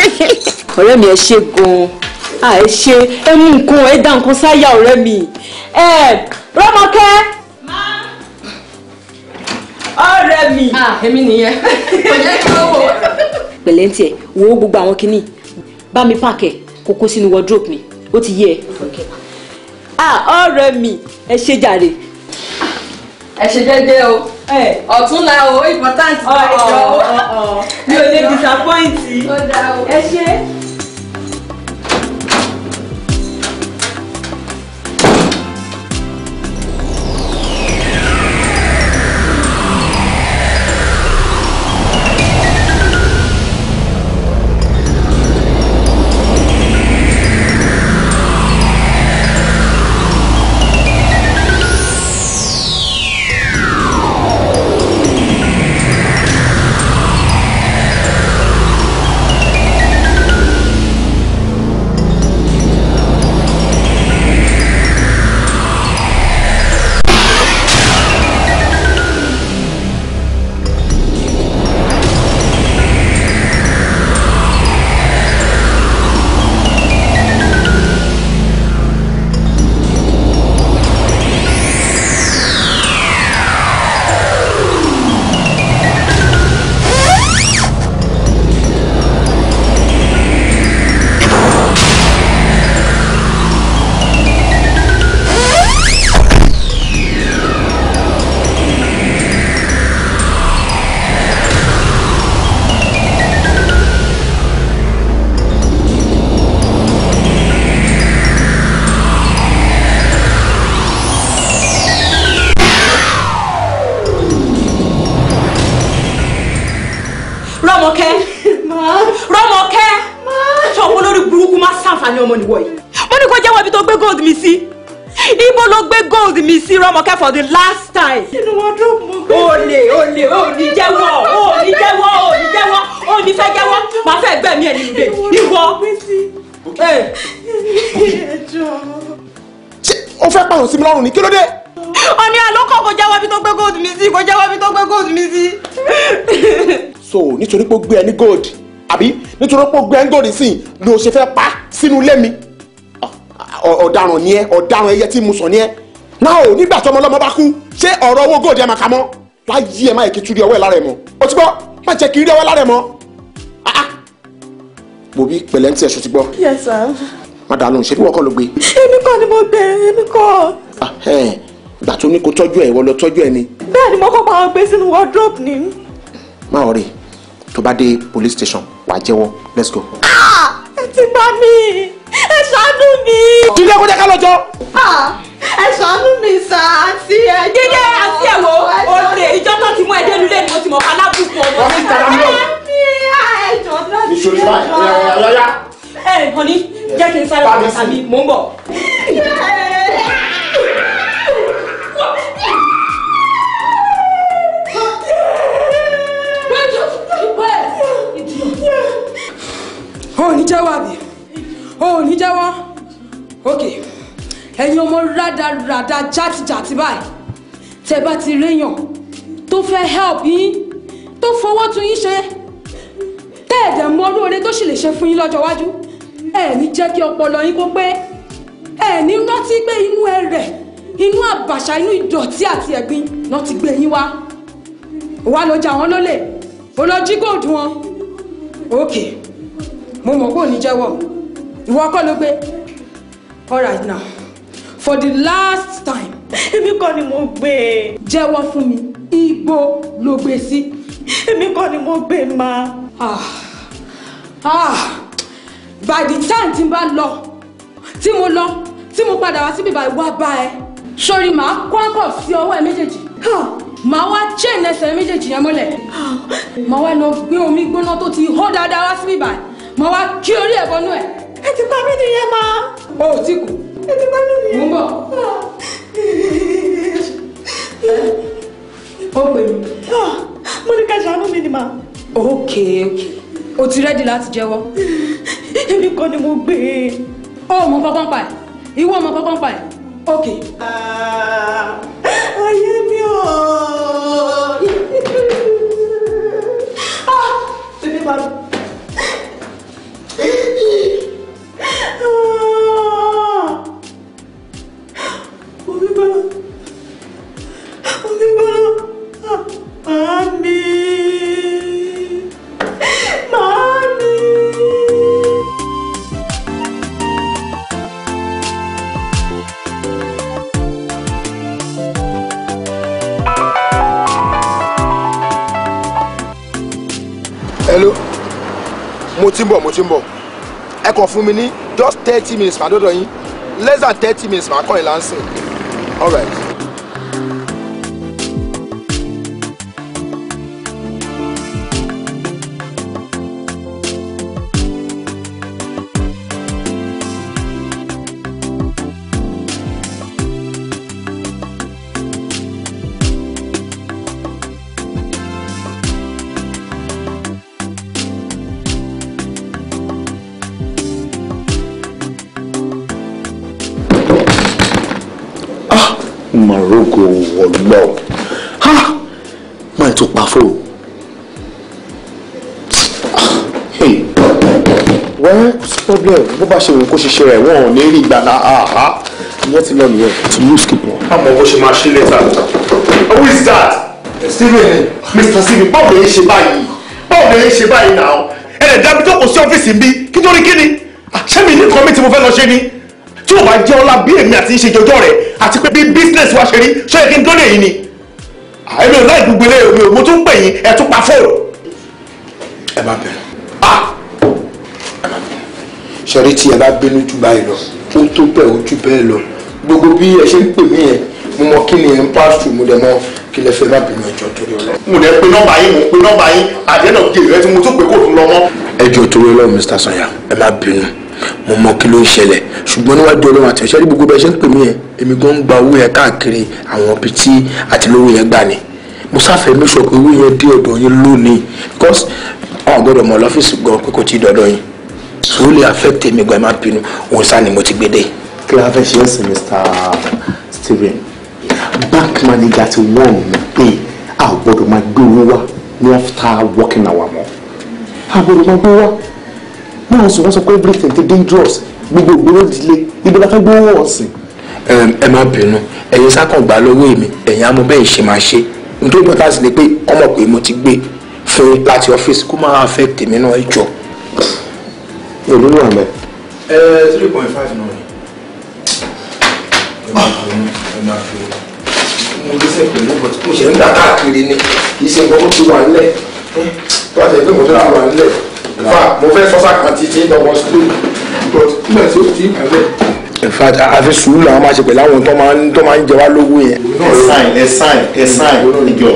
ọ̀rẹ́ mi ẹ ṣe gan-an ah, à ẹ ṣe ẹ mú nǹkan ẹ dá nǹkan sáyà ọ̀rẹ́ mi ẹ eh, rọ́mọkẹ́. ọ̀rẹ́ mi. èmi nìyẹn kò jẹ́ kí ó wò. pẹ̀lẹ́ tiẹ̀ wo gbogbo àwọn kinní bá mi pààkẹ́ kókó sínú wardrobe mi ó ti yé ẹ ọ̀rẹ́ ah, mi ẹ ṣe jàre. ẹ ṣe déédéé o ọ̀tún la o important. mi ò lè disappoint. ẹ ṣe. mi sí ibo ló gbé gold mi sí Rọ́mọkẹ́ for the last time. inú wọn dùn mú gbé. olè olè òní jẹ́wọ́ òní jẹ́wọ́ òní jẹ́wọ́ òní fẹ́ jẹ́wọ́ màá fẹ́ gbẹ̀mí ẹ̀ nílùú dé ìwọ. ṣé o fẹ́ pààrọ̀ sí mi lọ́rùn ni kí ló dé. ọ̀ní àlọ́kọ̀ kò jẹ́wọ́ bí tó gbé gold mi sí kò jẹ́wọ́ bí tó gbé gold mi sí. so nítorí pé ó gbé ẹ gold àbí nítorí pé ó gbé ẹ gold sí ni o ṣe fẹ́ pa sínú ilé mi ọ̀daràn ni ẹ ọ̀daràn ẹyẹ tí mo sọ ni ẹ náà ò nígbà tọmọ ọlọmọ bá kú ṣé ọ̀rọ̀ owó góòdì ẹ máa kà mọ́ láyé ẹ má yẹ kí turi ọwọ́ ẹ lára ẹ mọ́ o ti gbọ́ má jẹ́ kí rí ọwọ́ lára ẹ mọ́ ah, ah mo bí pẹ̀lẹ́ ń tiẹ̀ ṣo ti gbọ́. yes sir. má dàá lóhùn ṣe bí wọ́n kọ́ ló gbé. èmi kọ́ ni mo gbé èmi kọ́. Ah, ìgbà tó ní kó tọ́jú ẹ̀ ìwọ lọ tọ́jú ẹ ni. bẹ́ẹ̀ ni mo kọ́ pa àwọn gbé sínú wardrobe ni. má ọ̀ rè police station wàá jẹ́wọ́ let's go. ah ẹ ti gbá ẹ ṣàánú mi. jíjẹ́ kó jẹ́ ká lọ́jọ́. ẹ ṣàánú mi sà àti ẹ. jíjẹ́ àti ẹ̀wọ̀ olè ìjọ náà ti mú ẹ̀jẹ̀ nílé ni mo ti mọ̀ kálábùkù ọ̀nà. wọ́n ti tara mi lọ. ẹ̀jọ̀ náà ti ẹ̀jọ̀. ẹ̀ honey jẹ́ kí n sáré wọ̀ tàbí mò ń bọ̀. Honey, jẹ́ wà mí o ò ní jẹ́wọ́ ok ẹ̀yin ọmọ rádaràda játijàti báyìí tẹ́ bá ti réyàn tó fẹ́ help yín tó fọwọ́ tún yín ṣe tẹ́ ẹ̀dẹ̀ mọ orú oore tó sì lè ṣe fún yín lọ́jọ́ iwájú ẹ̀ ní jẹ́ kí ọpọlọ yín kó pé ẹ̀ ní rántí pé inú ẹ rẹ̀ inú àbàṣà inú ìdọ̀tí àti ẹ̀gbin náà ti gbé yín wá wá ló jà wọ́n lólè ó lọ jí góòdù wọn òkè mo mọ̀ pé ò jẹ́wọ́ ìwọ kọ́ ló gbé alright now for the last time èmi kọ́ ni mo gbé e. jẹ́wọ́ fún mi igbó ló gbé sí. èmi kọ́ ni mo gbé ma. ah ah by the time tí n bá lọ tí mo lọ tí mo padà wá síbi báyìí wá bá ẹ sórí màá kó àbọ̀ sí ọwọ́ ẹ méjèèjì màá wá chain ẹsẹ̀ méjèèjì yẹn mọ́lẹ̀ màá wá lọ gbé omi gbóná tó ti hó dáadáa wá síbi báyìí màá wá kí orí ẹ̀ bọnú ẹ̀ ẹ ti pa mí nìyẹn ma. o ò tí kù. ẹ ti pa mí nìyẹn. mo ń bọ̀. ó pè mí. Ah, mo ní ká ṣàánú mi ni ma. ok ok o ti rẹ́dì láti jẹ́wọ́. èmi kọ́ ni mo gbé e. ó mọ pápá ẹ̀ ìwọ mọ pápá ẹ̀. ok. Ah. ti ń bọ̀ ẹ kàn fún mi ní just thirty minutes màá dọ́dọ̀ yín less than thirty minutes màá kọ́ ìlànsìn all right. phone. Hey. Well, problem bó bá ṣe wù kó ṣiṣẹ́ rẹ̀ wọ́n ò ní rí ìgbà náà àhá wọ́n ti lọ nìyẹn to lose keep wọn. àmọ́ ṣe máa ṣe later. who is that? Steven, Mr. Steven. báwo lè ṣe báyìí báwo lè ṣe báyìí náà ẹ̀rẹ̀ dábí tó kò sí ọ́fíìsì mi kí tó rí kí ni ah, ṣé mi ní nǹkan mi tí mo fẹ́ lọ ṣe ni tí ò bá jẹ́ ọlá bí èmi àti ìṣèjọjọ́ rẹ̀ àti pé bí bísínẹ̀sì wa ṣe rí ṣó ò láì gbogbo ilé mi ò mo tún pè yín ẹ tún pa fóònù. ẹ má bẹ̀rù ah! ẹ má bẹ̀rù sọrí tí ẹ bá bínú jù báyìí lọ ó tó bẹ́ẹ̀ ó jù bẹ́ẹ̀ lọ gbogbo bí ẹ ṣe ń pè mí yẹn mo mọ kí ni ẹ ń pàṣù mo dẹ̀ mọ kí lẹ fẹ́ má bínú ẹjọ́ torí ọlọ́run. mo dẹ̀ pe nọ́mbà yín mo pe nọ́mbà yín àdéhùn òkè rẹ tí mo tún pè kó tún lọ mọ́. ẹjọ́ torí ọlọ́run Mr. Sanya ẹ má bínú mo mọ kí ló ń ṣẹlẹ̀ ṣùgbọ́n níwájú ọlọ́run àti ọ̀ṣẹ́ gbogbo bẹ́ẹ̀ ṣe ń pè mí yẹn èmi gan ń gba owó yẹn káàkiri àwọn ibi tí àtìlówó yẹn gbà ni mo sáfẹ́ make sure pé owó yẹn dé ọ̀dọ̀ yín lónìí because àwọn gbọ́dọ̀ mọ̀ lọ́fíìsì gan pé kò tí ì dọ̀dọ̀ yín so ó lè affect èmi gan ẹ má bínú òun sá ni mo ti gbé dé. kí la fẹ́ ṣe é sí Mr. Stephen bank manager ti wọ́n mi pé a ò gbọ́dọ̀ máa gbé owó wá ní after working hour mọ́ a gbọ́dọ̀ máa gbé wá náà sọ wọ́n sọ pé everything dey dangerous gbogbo ìgboro ìdílé ibi la fẹ́ gbé owó ọ̀sìn. ẹ má bínú ẹ̀yin sákàngbá lọ́wọ́ èmi ẹ̀yin amúbẹ́yìn ṣe máa ṣe é nítorí pé káàsì lè pé ọmọ pé mo ti gbé fún láti ọ́fíìsì kó máa affect mi náà ìjọ. èlò wà mẹ́. ẹ three point five náà ni ẹ máa fi ẹ máa fi mo lè fẹ́ pẹ̀lú bọ̀ tí ṣe ń dà káàkiri ni kì í ṣe nǹkan ti wà nílẹ̀ tó àti ẹgbẹ́ mo tó wà nílẹ̀ fa mo fẹ́ sọ́sà kan ti lọ́wọ́ school but nígbà tí ti wà nílẹ̀ in fact àfi sùúrù làwọn máa ṣe pẹ̀lú àwọn tó máa ń tó máa ń jẹ wá lówó yẹn. ẹ sáìn ẹ sáìn ẹ sáìn ìjọ.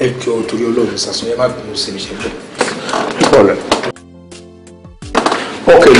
ẹ jọ torí Ọlọ́run sàṣọ ẹ má bínú sí mi ṣe bọ.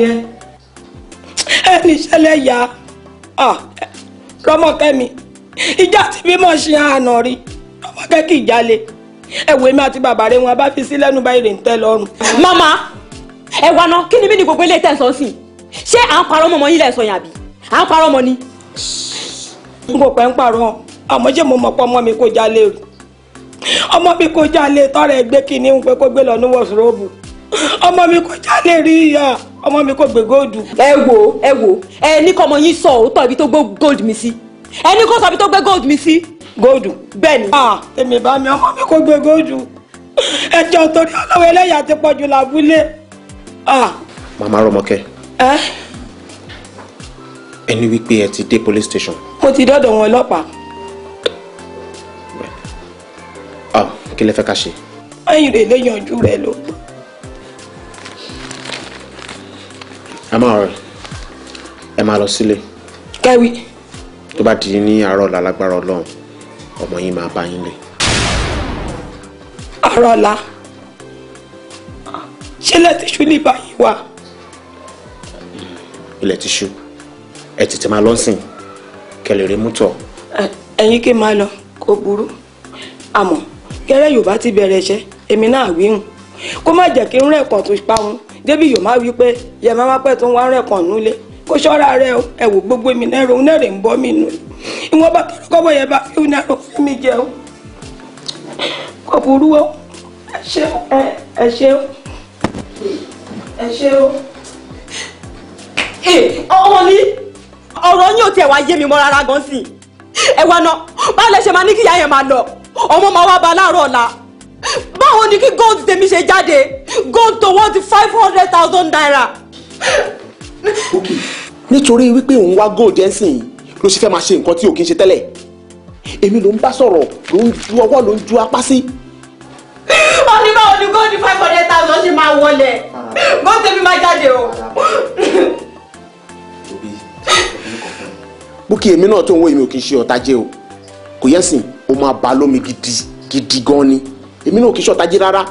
E ẹni ìṣẹ̀lẹ̀ ya rọmọkẹ́mi ìjà tí bí mo ṣe àná rí rọmọkẹ́ kì í jalè ẹ̀wọ̀ èmi àti bàbá wọn bá fi sí lẹ́nu báyìí rè ń tẹ́ mama ẹ wá ná ni bí ni gbogbo ilé tẹ̀sán sí ṣé à ọmọ yín lẹ́sọ̀ yàn àbí à ọmọ mi kò jalè ọmọ mi kò jalè ẹgbẹ́ kìíní ń pẹ́ kó gbé lọ ọmọ mi kò jalè ọmọ mi kò gbé góòdù. ẹ wo ẹ wo ẹ ní kọ́ ọmọ yín sọ òótọ́ ibi tó gbé góòdù mi sí ẹ ní kó sọ ibi tó gbé góòdù mi sí. góòdù bẹ́ẹ̀ ni. Ah, èmi bá mi ọmọ mi kò gbé góòdù ẹjọ́ torí ọlọ́wọ́ ẹlẹ́yà ti pọ̀jù lábúlé. Ah. màmá rọmọkẹ ẹni wípé ẹ ti dé police station. mo ti dọ́dọ̀ wọn ọlọ́pàá. Um, kí lẹ fẹ́ ká ṣe. ẹ̀yin lè lè yanjú rẹ̀ lọ. ẹ máa rẹ ẹ máa lọ sílé. kẹ́wì. tó bá di ní àárọ̀ ọ̀la lágbára ọlọ́run ọmọ yín máa bá yín lé. àárọ̀ ọ̀la ṣé lẹ́tìṣú ní báyìí wà. ilẹ̀ tìṣú ẹ tètè máa lọ sìn kẹlẹ̀ rẹ mú tọ̀. ẹ̀yin kí n máa lọ kó burú àmọ́ gẹ́rẹ́ yorùbá ti bẹ̀rẹ̀ iṣẹ́ èmi náà wíhùn kó má jẹ́ kí n rẹ̀kàn tó pa òun débi yóò má wí pé yẹ má má pẹ́ tó ń wá rẹ̀kàn nulẹ̀ kó ṣọ́ra rẹ o ẹ wò gbogbo èmi náà òun náà rè ń bọ́ mi nù ìwọ́n bá tọ́lọ́ kọ́wọ́ yẹn bá fi òun náà fún mi jẹ o kò burú o ẹ ṣe ẹ ẹ ṣe o ẹ ṣe o. ọmọ mi ọ̀rọ̀ yín ò tiẹ̀ wá yé mi mọ́ rárá gan sí i ẹ wá ná báwo lẹ ṣe máa ní kíyà yẹn máa lọ ọmọ máa wá ba láàárọ̀ ọ̀la ni kí gold tèmi ṣe jáde gold tó wọ́n ti five hundred thousand naira. nítorí wípé òun wá gold ẹ̀sìn ló ṣe fẹ́ máa ṣe nǹkan tí ò kí ń ṣe tẹ́lẹ̀ èmi ló ń bá sọ̀rọ̀ ló ń ju ọwọ́ ló ń ju apá sí. ó ní báwo ni gold five hundred thousand ṣe máa wọlé gold tèmi máa jáde o. Búkì èmi náà tó ń wo èmi ò kì í ṣe ọ̀tá jẹ́ o kò yẹ́sìn o máa bá lómi gidi gidi gan ni èmi náà kì í ṣọ̀tají rárá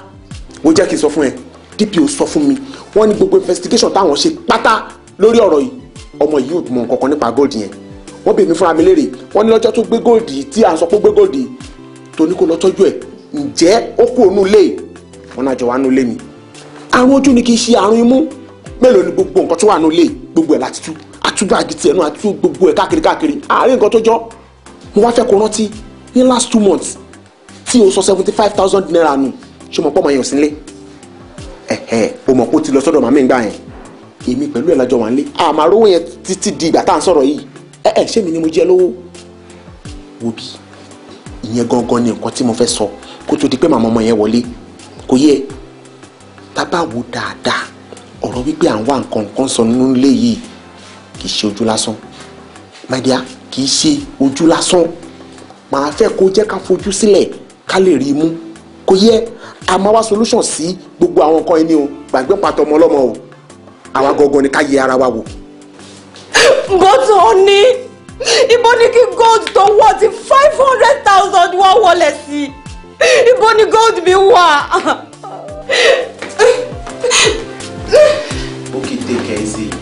mo jẹ́ kí n sọ fún ẹ DPO sọ fún mi wọ́n ní gbogbo investigation táwọn ṣe pátá lórí ọ̀rọ̀ yìí ọmọ yìí ò mọ nǹkan kan nípa gold yẹn wọ́n bèèmí fúnra mi léèrè wọ́n ní lọ́jọ́ tó gbé gold yìí tí a sọ pé gbé gold yìí tó ní kó lọ tọ́jú ẹ̀ ǹjẹ́ ó kú òun lé wọn náà jọ wá nulẹ̀ mi àrùn ojú ni kì í ṣe àrùn imú mélòó ni gbogbo nǹkan tó wà nulẹ̀ gbogbo ẹ̀ láti tú àtúgbò àgìtì ẹ̀ náà àtúgbò gbogbo ẹ̀ káàkiri káàkiri àárín nǹkan tó jọ mo wá fẹ́ kó rántí ní last two months tí o sọ seventy five thousand naira nù ṣé mo pọ́ ọmọ yẹn ò sí nílé ẹ̀hẹ̀ o mọ̀ pé o ti lọ sọ́dọ̀ màmí ìgbà yẹn èmi pẹ̀lú ẹ̀ lájọ wà nílé àmàrò yẹn títí di ìgbà tá à ń sọ̀rọ̀ yìí ẹ̀ẹ́ ṣé mi ni mo jẹ́ lówó wo bí ìyẹn gangan ni nǹkan tí mo fẹ́ sọ kó tó di pé màmá ọmọ yẹn wọlé kò yẹ tábà wo dáadáa ọ̀rọ̀ wípé à ń wá nǹkan nǹkan sọ nínú ilé yìí kì í ṣe ojú lásán my dear kì í ṣe ojú lásán màá fẹ́ kó jẹ́ ká fojú sílẹ̀ ká lè rí i kò yẹ a máa wá solution sí gbogbo àwọn nǹkan ẹni o gbàgbé pàtó ọmọ ọlọ́mọ o àwa gangan ni ká yẹ ara wa wò. bọ́tò ní ibo ni kí gold tó wọ́ ti five hundred thousand wá wọlé sí ibo ni gold mi wà. okay take it easy.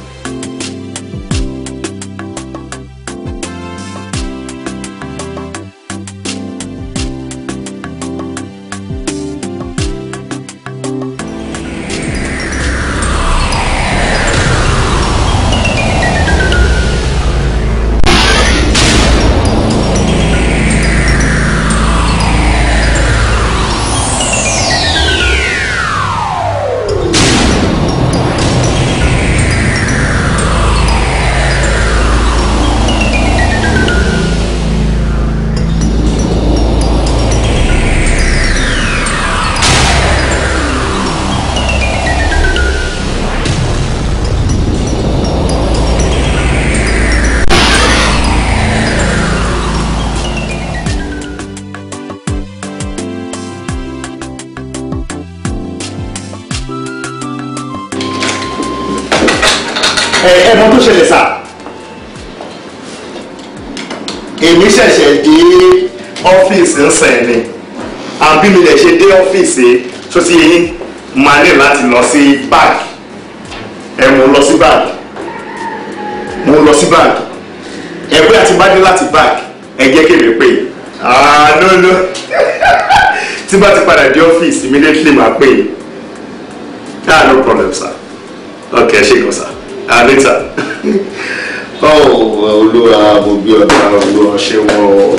ọ́fíìsì ń sìn ni àbí mi lè ṣe dé ọ́fíìsì tó ti máa ní láti lọ sí báàgì ẹ mo lọ sí báàgì mo lọ sí báàgì ẹgbẹ́ àti bá dé láti báàgì ẹ jẹ́ kí èmi pè ah no no tí bá ti padà dé ọ́fíìsì immediately máa pè é ah no problem sir okay ṣe kàn sir ah later. oh olúwa mo gbé ọ̀dà olúwa ṣé wọ́n.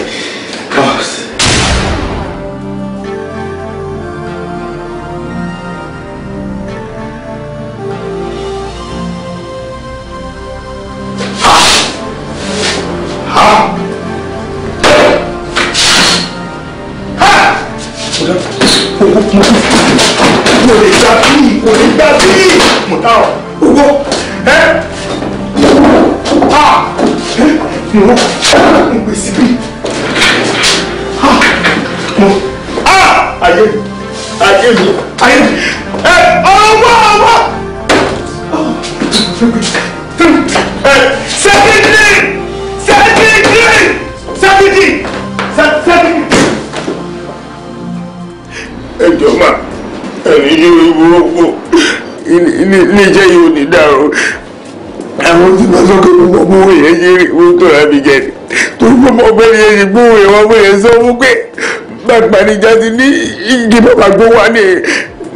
pàjọ wà ní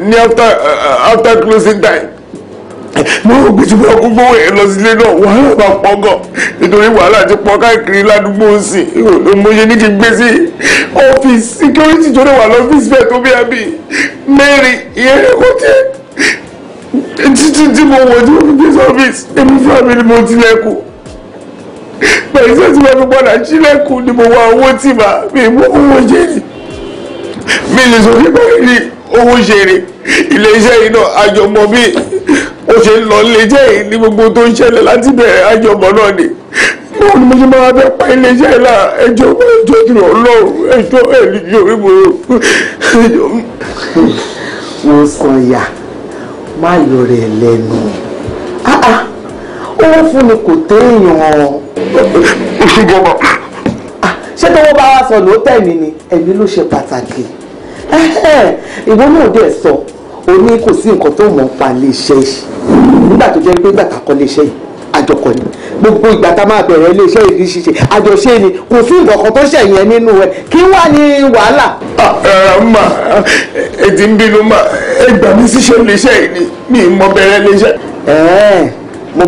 ní after uh, after closing time mo rò pé tí mo kú gbówó ẹ lọ sílé náà wàhálà bá pọ̀ gan nítorí wàhálà ti pọ̀ káàkiri ládùúgbò sí mo ṣe ní kí n gbé sí ọ́fíìsì security tó lè wà lọ́fíìsì bẹ́ẹ̀ tó bí abí mẹ́rin ìyẹn rẹ̀ kò tiẹ̀ títí tí mo wọ̀ tí mo fi gbé sọ́fíìsì èmi fúnra ni mo tilẹ̀kùn pẹ̀lú sẹ́tí wọn fi gbọ́dọ̀ sílẹ̀kùn ni mo wá owó tì máa mi mú owó jẹ́ ni mi lè sọ nípa rí owó ṣeré iléeṣẹ́ yìí náà àjọmọ́ bí ó ṣe ń lọ iléeṣẹ́ yìí ní gbogbo tó ń ṣẹlẹ̀ láti bẹ̀rẹ̀ àjọmọ́ náà ni báwo ni mo ṣe máa fẹ́ pa iléeṣẹ́ yìí lára ẹjọ́ ẹjọ́ ìrọ̀ ọlọ́run ẹjọ́ ẹ̀lì yorì mo ẹjọ́. mo san ya má yọ rẹ lẹ́nu ah, ah, owó fún mi kò téèyàn. ṣùgbọ́n ah, ṣé tọ́wọ́ bá wá sọ̀nù ó tẹ̀ mí ni ẹ̀mí ló ṣe pàtàkì. ìwọ náà dẹ̀ sọ o ní kò sí nǹkan tó mọ̀ pa lè ṣe yìí nígbà tó jẹ́ pé kọ́ lè yìí àjọkọ ni gbogbo ìgbà tá a máa bẹ̀rẹ̀ iṣẹ́ ìdí àjọṣe ni kò sí nǹkan kan tó nínú kí ní wàhálà. Ah, ń bínú mí yìí ni mi ì mọ bẹ̀rẹ̀ mo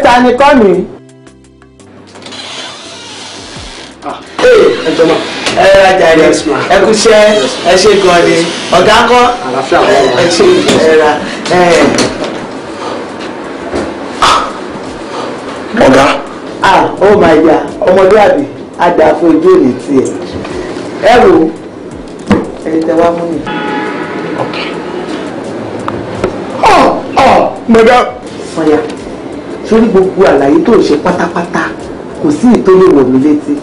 gbà mọ̀ pé ẹ rajà rẹ ẹ kúṣẹ́ ẹ ṣe gan ni ọ̀gá kọ́ ẹ ṣe ẹ ra ẹ. ọ̀gá. ah ó máa ya ọmọdé àbí adàfojú òní tiẹ̀ ẹ rò ó ẹni tẹ wá mú mi. ọ̀ ọ̀ mọ̀dá. sọ̀yà sórí gbogbo àlàyé tó ń ṣe pátápátá kò sí ìtòlè wọ̀ mí létí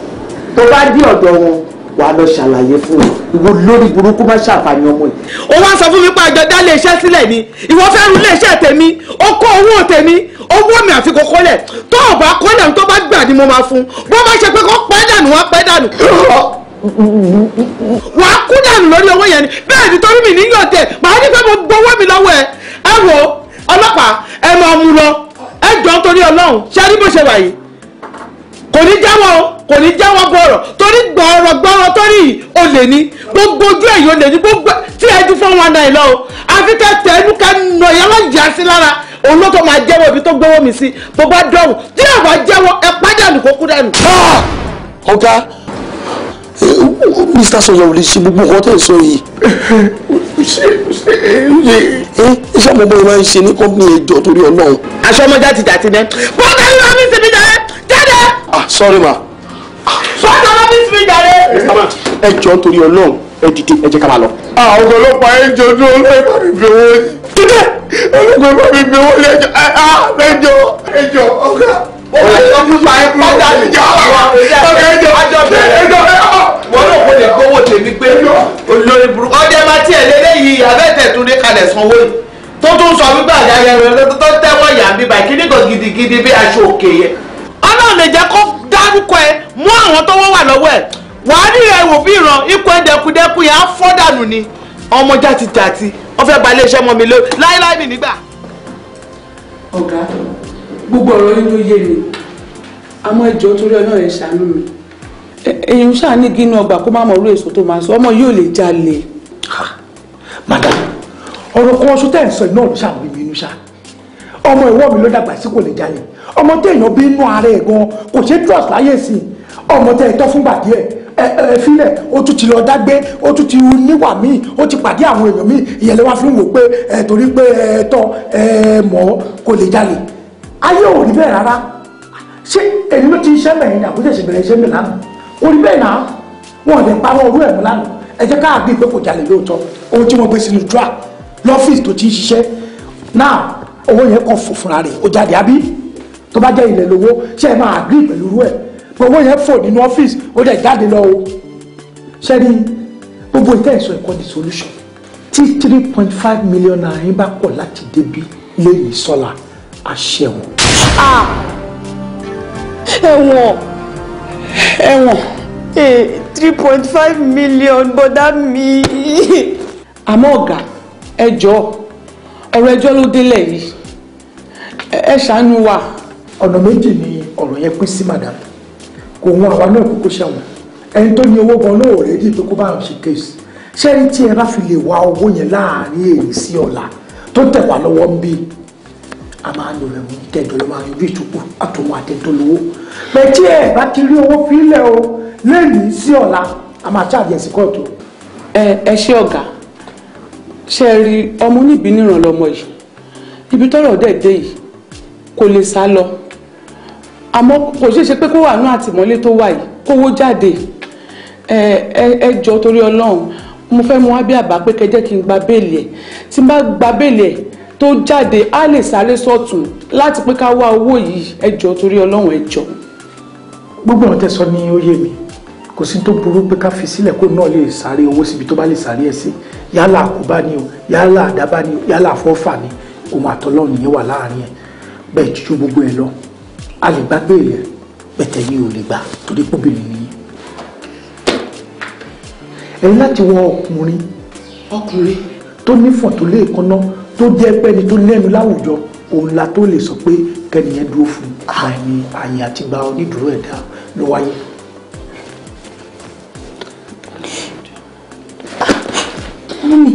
tó bá dé ọ̀dọ̀ wọn wàá lọ ṣàlàyé fún mi ìwọ lórí burúkú má ṣàfàní ọmọ yìí. ó wá sọ fún mi pé àjọdá lè ṣẹ́ sílẹ̀ ni ìwọ fẹ́ ru iléeṣẹ́ tèmi ó kó owó tèmi owó mi àfi kò kọ́lẹ̀ tó o bá kọ́lẹ̀ tó bá gbà ni mo máa fún bó bá ṣe pé kó pẹ́ dànù wá pẹ́ dànù. wà á kú dànù lórí owó yẹn ni bẹ́ẹ̀ ni torí mi níyàn tẹ̀ màá ní pé mo gbowó mi lọ́wọ́ ẹ ẹ wo ọlọ́pàá ẹ máa mú lọ ẹ jọ torí Ọlọ́run ṣe kò ní jáwọ́ gbọ́rọ̀ torí gbọ́rọ̀ gbọ́rọ̀ torí olè ní gbogbo ojú ẹ̀yìn olè ní gbogbo tí ẹ ju fún wọn náà lọ o àfi tẹ ẹnu ká nà ìyá wọn jà sí lára òun ló tó máa jẹ́wọ́ ibi tó gbówó mi sí bó bá tí ẹ bá jẹ́wọ́ ẹ pàdánù kó kú dànù. ọ̀gá mr sọjọ ò lè ṣe gbogbo nǹkan tẹ̀ sọ yìí iṣẹ́ ọmọọmọ yìí máa ń ṣe ní kọ́mpìnì ẹjọ́ torí ọlọ́run. aṣọ ọmọjà ti dà ti nẹ. bọ́dà yóò mi ti mi dà ẹ́ jáde. ah sorry ma sọ́jà lọ́fíìsì mi jàre. ẹ jọ nítorí ọlọ́run ẹ dìde ẹ jẹ́ ká máa lọ. àwọn ah, ọlọ́pàá ẹ jọ ní ọlọ́pàá bá mi fi owó ah, ní. dídé ọlọ́pàá bá mi fi owó ní ẹjọ́ ẹjọ́ ẹjọ́ ọ̀gá. ọ̀gá ẹjọ́ fúnpa ẹ fún ọjà ìjà wa. ọ̀gá ẹjọ́ ẹjọ́ ẹjọ́ wọn náà kò lè gbowó tèmi pé olórí burúkú ọjà máa tiẹ̀ lélẹ́yìí abẹ́tẹ̀túndé kalẹ̀ sanwó yìí tó tún sọ wípé àyà yẹn rẹ tó tẹ́wọ́ yà ń bíbá ìkíní kan gidigidi bí aṣọ òkè yẹn. ọlọ́run lè jẹ́ kó dárúkọ ẹ mú àwọn tọ́wọ́ wà lọ́wọ́ ẹ wàá rí ẹ wò bí ìran ikú ẹ dẹkudẹku yẹn á fọ́ dànù ni ọmọ jàtijàti wọ́n fẹ́ ba iléeṣẹ́ mọ́ mi lórí láíláí mi nígbà. ọ̀gá gbogbo ọ̀rọ̀ yín ló yé mi àmọ́ ẹjọ́ torí ọ̀nà ẹ̀ ṣàánú mi èyí ń ṣàní gínú ọgbà kó má mọ orí èso tó máa sọ ọmọ yóò lè jalè. madam ọ̀rọ̀ kan ọṣù tẹ́ ẹ̀ ń sọ iná ló ṣàwọn ibi inú ṣá ọmọ ìwọ mi ló dàgbà sí kò lè jalè ọmọ tẹ èèyàn bí inú ara ẹ̀ gan kò ṣe trust láyè sí ọmọ tẹ ìtọ́ fúngbà díẹ̀ ẹ ẹ filẹ̀ ó tún ti lọ dágbé o tún ti níwà míì ó ti pàdé àwọn èèyàn míì ìyẹn lè wá fi ń wò pé ẹ torí pé ẹ tọ́ ẹ mọ̀ kò lè jalè ayé ò rí bẹ́ẹ̀ rárá ṣé èyí ló ti iṣẹ́ mẹ́rin ní àbújá ìṣèbẹ̀rẹ̀ iṣẹ́ mi lánàá kò rí bẹ́ẹ̀ náà wọn ò lè parọ́ orú ẹ̀ mú lánàá ẹ jẹ́ káàgbé pé kò jalè lóòótọ́ ohun tí wọ́n gbé sínú dra lọ́fíìsì tó ti ń ṣiṣẹ́ náà owó yẹn kàn fò fúnra ó jáde àbí tó bá jẹ́ ilẹ̀ lówó ṣe é máa agree pẹ̀lú irú ẹ̀ owó yẹn fò nínú ọ́fíìsì ó dẹ̀ jáde lọ o ṣe ni gbogbo ìtẹ̀sọ̀ ẹ̀kọ́ ni solution tí three point five million naira bá pọ̀ láti débi lẹ́yìn sọ́la àṣẹwọ̀n. ẹ̀wọ̀n ẹ̀wọ̀n three point five million bọ́dá mi. àmọ́ ọ̀gá ẹjọ́ ọ̀rọ̀ ẹjọ́ ló délẹ̀ yìí ẹ ṣàánú wa ọ̀nà méjì ni ọ̀rọ̀ yẹn pín sí madam kò wọn àwa náà kúkú ṣẹ̀wọ̀n ẹni tó ní owó gan náà ò rẹ́dí pé kó bá ń ṣe kéésì ṣé ẹni tí ẹ bá fi lè wá owó yẹn láàrin èyí sí ọ̀la tó tẹ̀ lọ́wọ́ ń bí a máa ń lo ẹ̀wọ̀n tẹ̀dọ̀ ló máa ń yọjú ìtukù àtòwọn àtẹ̀tọ̀ lówó pẹ̀tí ẹ̀ bá ti rí owó fílẹ̀ o lẹ́yìn sí ọ̀la a máa ṣáàjẹ̀ sí kóòtù. ẹ ẹ ọ̀gá ṣe é rí ọmọ oníbìníràn lọmọ yìí ibi tọ́rọ̀ dẹ̀ dé yìí kò lè sá lọ àmọ́ kò ṣeé ṣe pé kó wà ní àtìmọ́lé tó wà yìí kówó jáde ẹ ẹ jọ torí ọlọ́run mo fẹ́ mu wá bí àbá pé kẹjẹ́ kí n gba béèlì ẹ̀ tí n bá gba béèlì ẹ̀ tó jáde á lè sáré sọ̀tún láti pé ká wá owó yìí ẹ jọ torí ọlọ́run ẹ jọ. gbogbo ọ̀rọ̀ tẹ́ ní oyè mi kò sí tó burú pé ká fi sílẹ̀ kó náà lè sáré owó síbi tó bá lè sáré ẹ̀ sí yálà àkóbá ni o yálà àdábá ni o yálà àfọ́fà ni òun àtọ́lọ́run yẹn wà láàárín ẹ̀ bẹ́ẹ̀ jíjó gbogbo ẹ̀ lọ a lè gbá bẹ́ẹ̀ yẹn pẹ̀tẹ́ yìí ò lè gbà torí pọ́bìnrin nìyí. ẹ̀yin láti wọ ọkùnrin ọkùnrin tó nífọ̀n tó lé ìkànnà tó jẹ́ pẹ́ni tó lẹ́nu láwùjọ òun la tó lè sọ pé kẹ́niyẹn dúró fún àyìn àyìn àtìgbà onídùúró ẹ̀dá ló wáyé. mọ́mí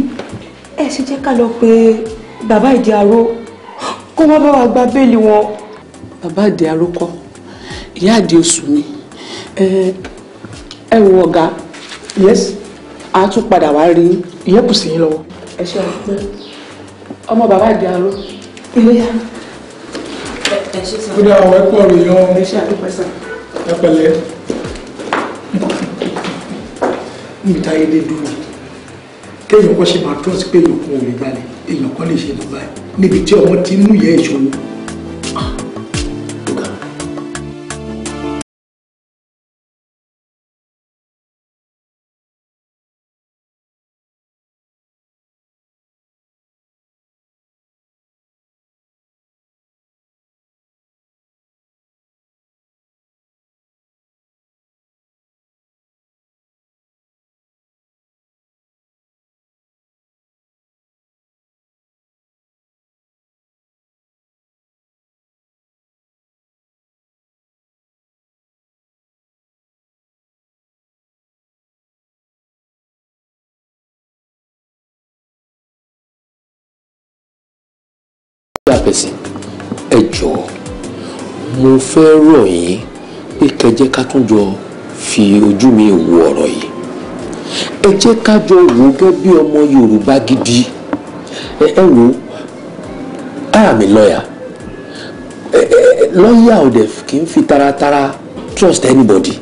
ẹ ṣe jẹ́ ká lọ pé bàbá ìdí aró kó wọ́n bá wa gba béèlì wọn bàbá àdé arókọ ìyá àdé oṣù mi ẹ wo ọ̀gá yes a tún padà wá rí ìyẹn kù sí yín lọ́wọ́. ẹ ṣe àpẹ ọmọ bàbá àdé aró iléyà. ẹ ṣe sàn. kódà àwọn ẹ̀kọ́ rẹ yan. ẹ ṣe àdúpẹ́ sàn. ẹ pẹ̀lẹ́ níbi táyé dé dúró kéèyàn kan ṣe máa trọ́ọ̀sì pé èèyàn kan ò lè gbalẹ̀ èèyàn kan lè ṣe dùbà níbi tí ọmọ ti mú ìyá ìṣòro person ẹ jọ̀ọ́ mo fẹ́ rọ̀ yín pé kẹjẹ́ ká tún jọ fi ojú mi wo ọ̀rọ̀ yìí ẹ jẹ́ ká jọ wò ó gẹ́gẹ́ bí ọmọ Yorùbá gidi ẹ ẹ wò ó àmì lọ́yà lọ́yà ò dẹ̀ kì í fi taratara trust anybody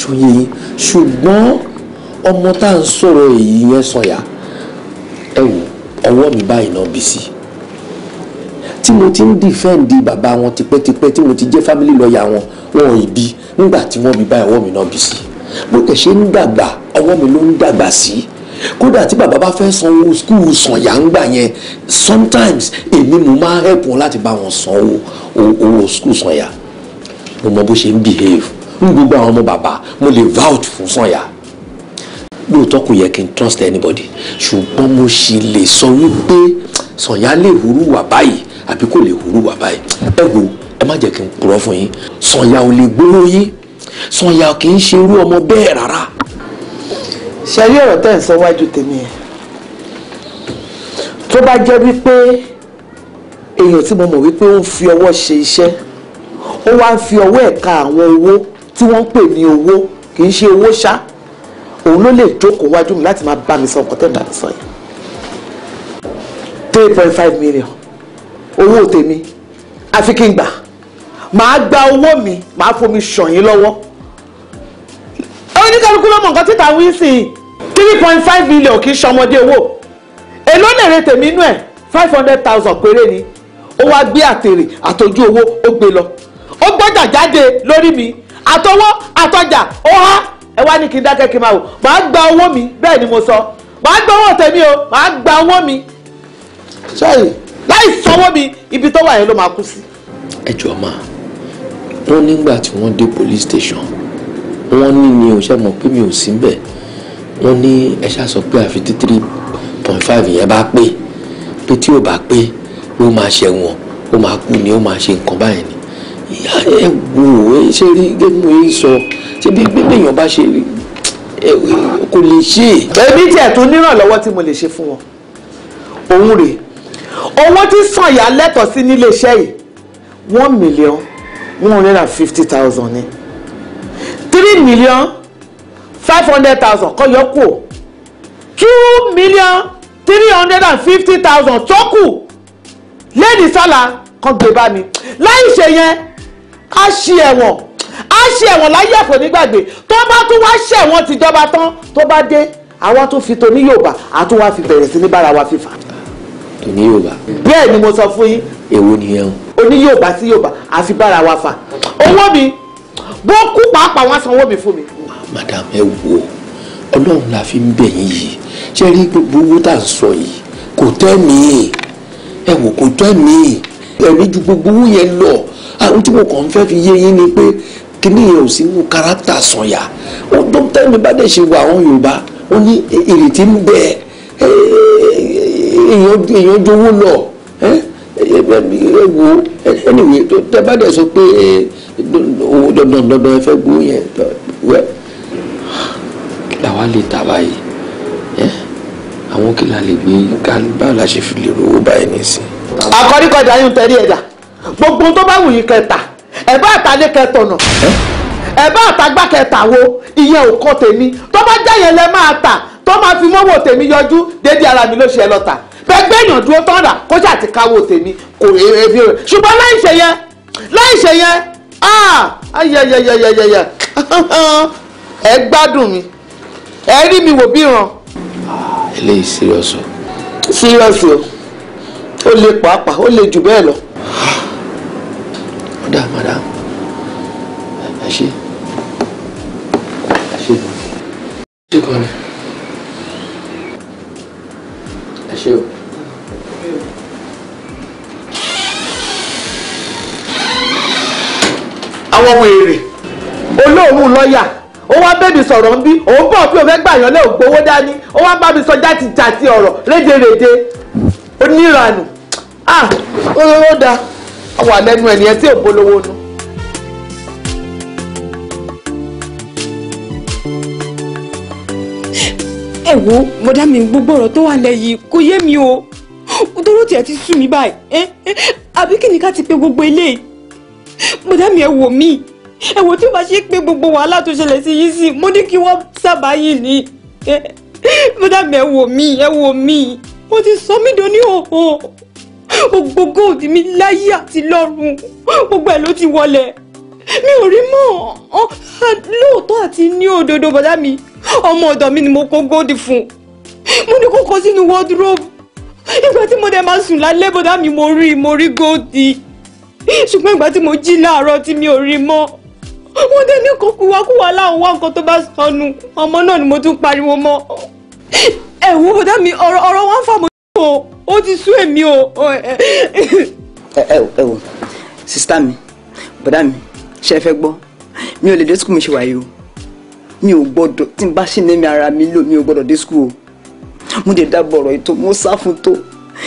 ṣòye ṣùgbọ́n ọmọ tá à ń sọ̀rọ̀ èyí yẹn sọ̀yà ẹ wò ọwọ́ mi báyìí náà bí sí i tí mo ti ń dìfẹ́ǹdì bàbá wọn tipẹ́tipẹ́ tí mo ti jẹ́ fámílì lọ́ọ̀yà wọn wọn ò bí nígbà tí wọ́n bí bá ọwọ́ mi náà bí sí bó tẹ̀ ṣe ń dàgbà ọwọ́ mi ló ń dàgbà sí kódà tí bàbá bá fẹ́ sanwó skul sànyà ń gbà yẹn sometimes èmi mo máa help wọn láti bá wọn san owó skul sànyà mo mọ bó ṣe ń behave ń gbogbo àwọn ọmọ bàbá mo lè vouch fún sànyà lóòótọ́ kò yẹ kí n trust anybody ṣùgbọ́n mo sì lè sọ wípé sànyà lè hurú wà báyìí àbí kò lè hùrù wà báyìí ẹ wo ẹ má jẹ́ kí n purọ́ fún yín Sànyà ò lè gbóró yín Sànyà kì í ṣe irú ọmọ bẹ́ẹ̀ rárá. ṣe rí ọ̀rọ̀ tẹ́ ẹ̀ ń sọ wájú tèmi yẹn tó bá jẹ́ wípé èèyàn tí mo mọ̀ wípé ó ń fi ọwọ́ ṣe iṣẹ́ ó wá ń fi ọwọ́ ẹ̀ka àwọn owó tí wọ́n ń pè ní owó kì í ṣe owó ṣá òun ló lè jókòó wájú mi láti máa bá mi sọ nǹkan tẹ́ ń bá mi sọ yẹn three point five million owó tèmi àfi kí n gbà màá gba owó mi màá fomi ṣàn yín lọ́wọ́ oníkálukú ló mọ̀ nǹkan títà wí sí i three point five million kì í ṣọmọdé owó èló lè re tèmi inú ẹ̀ five hundred thousand péré ni ó wá gbé àtèrè àtọ́jú owó ó gbé lọ ó gbọ́jà jáde lórí mi àtọwọ́ àtọjà ó há ẹ wá ní kí n dákẹ́ kí n máa wò màá gba owó mi bẹ́ẹ̀ ni mo sọ màá gba owó tèmi o màá gba owó mi. sẹ́yìn láì sanwó mi ibi tó wà yẹn ló máa kú sí. ẹ jọ máa wọn nígbà tí wọn dé police station wọn ní mi ò ṣe mọ̀ pé mi ò sí ń bẹ wọn ní ẹ ṣáà sọ pé àfi three point five yẹn bá pé pé tí ò bá pé ló máa ṣẹ̀wọ̀n ó máa kú ni ó máa ṣe nǹkan báyìí ni ìyá ẹ wò ó ṣe rí gẹ́gẹ́ bí sọ ṣé bí gbẹ́gbẹ́ èèyàn bá ṣe rí kò lè ṣe. èmi tiẹ̀ tó nírànlọ́wọ́ tí mo lè ṣe fún wọn òun rèé owó tí Sànyà lẹ́tọ̀ọ́ sí níléeṣẹ́ yìí one million one hundred and fifty thousand ni three million five hundred thousand kọ́ yọkù o two million three hundred and fifty thousand tó kù lẹ́ẹ̀dì sálà kan gbé bá mi láì ṣe yẹn á ṣe ẹ̀wọ̀n á ṣe ẹ̀wọ̀n láyé ẹ̀fọ́ nígbàgbé tó bá tún wá ṣẹ̀wọ̀n tìjọba tán tó bá dé àwa tún fi tó ní Yorùbá àtúwá fi bẹ̀rẹ̀ sí ní bára wa fífa tó ní yorùbá bẹ́ẹ̀ ni mo sọ fún yín èwo nìyẹn o oní yorùbá sí yorùbá àfi bára wa fà owó mi bó kú pàápàá wọn sanwó mi fún mi. madam ẹ wo ọlọ́run la fi ń bẹ̀ yín yìí ṣé rí gbogbo owó tá à ń sọ yìí kò tẹ́ mi ẹ wò kò tẹ́ mi ẹ̀mí ju gbogbo owó yẹn lọ àwọn ah, tí mo kàn ń fẹ́ fi yé yín ni pé kíní yẹn ò sínú kárátà sọ̀yà ó dókítà mi bá dẹ̀ ṣe wà àwọn yorùbá ó ní ìrètí ń bẹ́ẹ̀ èèyàn jowó lọ ẹwọ ẹniwe tẹ bá dẹ̀ sọ pé owó dandan dandan ẹ fẹ́ gbó yẹn wẹ́ làwa lè tà báyìí àwọn kí la lè gbé báwo la ṣe fi lè rówó báyìí nísìnyí. àkọ́rí kọjá yín tẹ̀lé ẹ̀dá gbogbo tó bá wù yín kẹta ẹ̀ bá àtàlẹ́ kẹtọ̀nà ẹ̀ bá àtàgbà kẹta wo ìyẹn ò kọ́ tèmi tó bá jẹ́ yẹn lẹ́ máa tà tó máa fi mọ́wọ́ tèmi yọjú dédé ara mi ló ṣe ẹ lọ́ta gbẹgbẹ́ èèyàn dúró tọ́ra kó ṣáà ti káwọ́ tèmi kò èèfì e, e, rẹ̀ ṣùgbọ́n láì ṣe yẹn láì ṣe yẹn ah, ayẹyẹyẹyẹyẹ ẹ gbádùn mi ẹ rí mi wò bí ràn. eléyìí sírọ́ọ̀sì o. sírọ́ọ̀sì o ó lè pàápàá ó lè jù bẹ́ẹ̀ lọ. ó dà madam ẹ ṣe ẹ ṣe ẹ ere, o. àwọn ọmọ èrè olóòwò lọ́ọ̀yà ó wá bẹ́ẹ̀ mi sọ̀rọ̀ ń bí òun bọ̀ fí o gbà yàn lẹ́ ògbówó dání ó wá bá mi sọ jáde ọ̀rọ̀ ah ó wà lẹ́nu ẹ̀ nìyẹn tí ò nu. ẹ wo mọ̀dá mi gbogbo ọ̀rọ̀ tó wà lẹ́yìn kò yé mi o dúró tiẹ̀ ti sú mi báyìí ẹ àbí kí ni ká ti pé gbogbo eléyìí mọ̀dá mi ẹ wò mí ẹ wò tí ó bá ṣe pé gbogbo wàhálà tó ṣẹlẹ̀ sí yìí sí mo ní kí wọ́n sábà yìí ni mọ̀dá mi ẹ wò mí ẹ wò mí ó ti sọ mí dání o ògbógó òdì mi láyé àti lọ́run gbogbo ẹ̀ ló ti wọlẹ̀ mi ò rí mọ́ lóòótọ́ àti ní òdodo bọ̀dá mi ọmọ ọ̀dọ̀ mi ni mo kó góòdì fún mo ní kó kó sínú wardrobe ìgbà tí mo dẹ̀ máa sùn lálẹ́ bọ́dá mi mo rí mo rí góòdì ṣùgbọ́n ìgbà tí mo jí láàárọ̀ tí mi ò rí mọ́ wọ́n dẹ̀ ní kó kúwakúwa láwọn wá nǹkan tó bá sọnù ọmọ náà ni mo tún pariwo mọ́ ẹ wo bọ́dá mi ọ̀rọ̀ ọ̀rọ̀ wọn fà mọ́ o ó ti sú èmi o. ẹ ẹ sista mi bọ́dá mi ṣe é fẹ́ gbọ́ mi ò lè dé sùkúl ṣe wáyé o mi ò gbọ́dọ̀ tí n bá ṣì ní mi ara mi lò mi ò gbọ́dọ̀ dé school o mo dẹ̀ dábọ̀ ọ̀rọ̀ ètò mo sá fún tó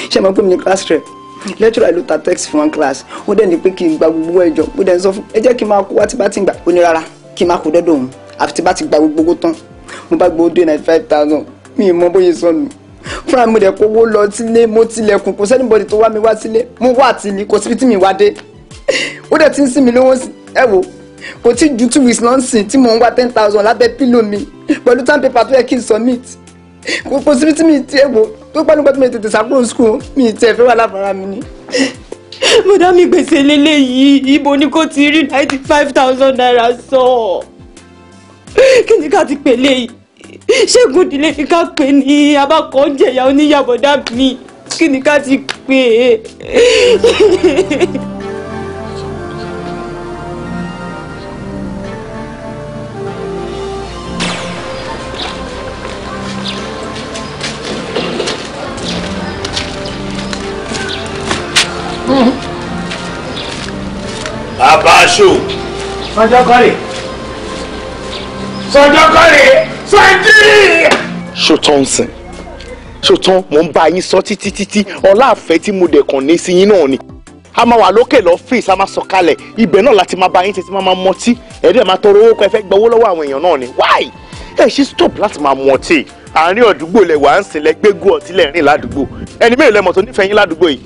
ṣé máa pè mí ní class rep lecturer ló ta text fún one class ó dẹ̀ ní pé kí n gba gbogbo ẹ̀jọ̀ ó dẹ̀ ń sọ fún ẹ jẹ́ kí n máa kó wá tí bá ti gbà ó ní rárá kí n máa kó dọ́dọ̀ òun àfi tí bá ti gba gbogbo owó tán mo bá gbowó dé ninety five thousand mi ì mọ bóyá sọnù fúnra mi dẹ̀ kówó lọ sílé mo tilẹ̀kùn kò sẹ́nibọ̀dì tó wá mi wá sílé mo wà tìlí kò síbi tí mi wá dé ó dẹ̀ ti ń sin mi lówó ẹ wò kò tí ju two weeks lọ́nsìn tí mò ń wá ten thousand lábẹ́ pílò mi pẹ̀lú time paper tó yẹ kí n submit kò síbi tí mi ti ẹ̀ wò tó pẹ́ nígbà tí mi tètè sàkúrò school mi ti ẹ̀ fẹ́ wà lábàárà mi ni. mọ̀dá mi gbèsè lélẹ́yìí ibo ni kò ti rí ninety five thousand naira sọ kí ni ká ti pè léyìí ṣẹ́gun ìdílé ni ká pè ní abákan jẹ̀yà oníyàbọ̀dá mi kí ni ká ti pè é. Abaṣo. Sanjọ́kọ́rè. Sanjọ́kọ́rè. Sanji. Ṣòtọ́ ń sìn. Ṣòtọ́ mò ń bá yín sọ títí títí ọlá àfẹ́ tí mo dẹ̀ kàn ní sí yín náà ni. A máa wà lókè lọ́fíìsì, a máa sọ kalẹ̀. Ibẹ̀ náà láti máa bá yín tètè máa mọtí. Ẹ̀dẹ̀ máa tọrọ owó kọ ẹ fẹ́ gbowó lọ́wọ́ àwọn èèyàn náà ni. Wáì! Ẹ ṣe stop láti máa mọtí. Àárín àdúgbò lẹ̀ ń sìn lẹ́gbẹ́gùn ọtí lẹ́rìn ládùúgbò. Ẹni mélòó lẹ́mọ̀ tó nífẹ̀ẹ́ yín ládùúgbò yìí?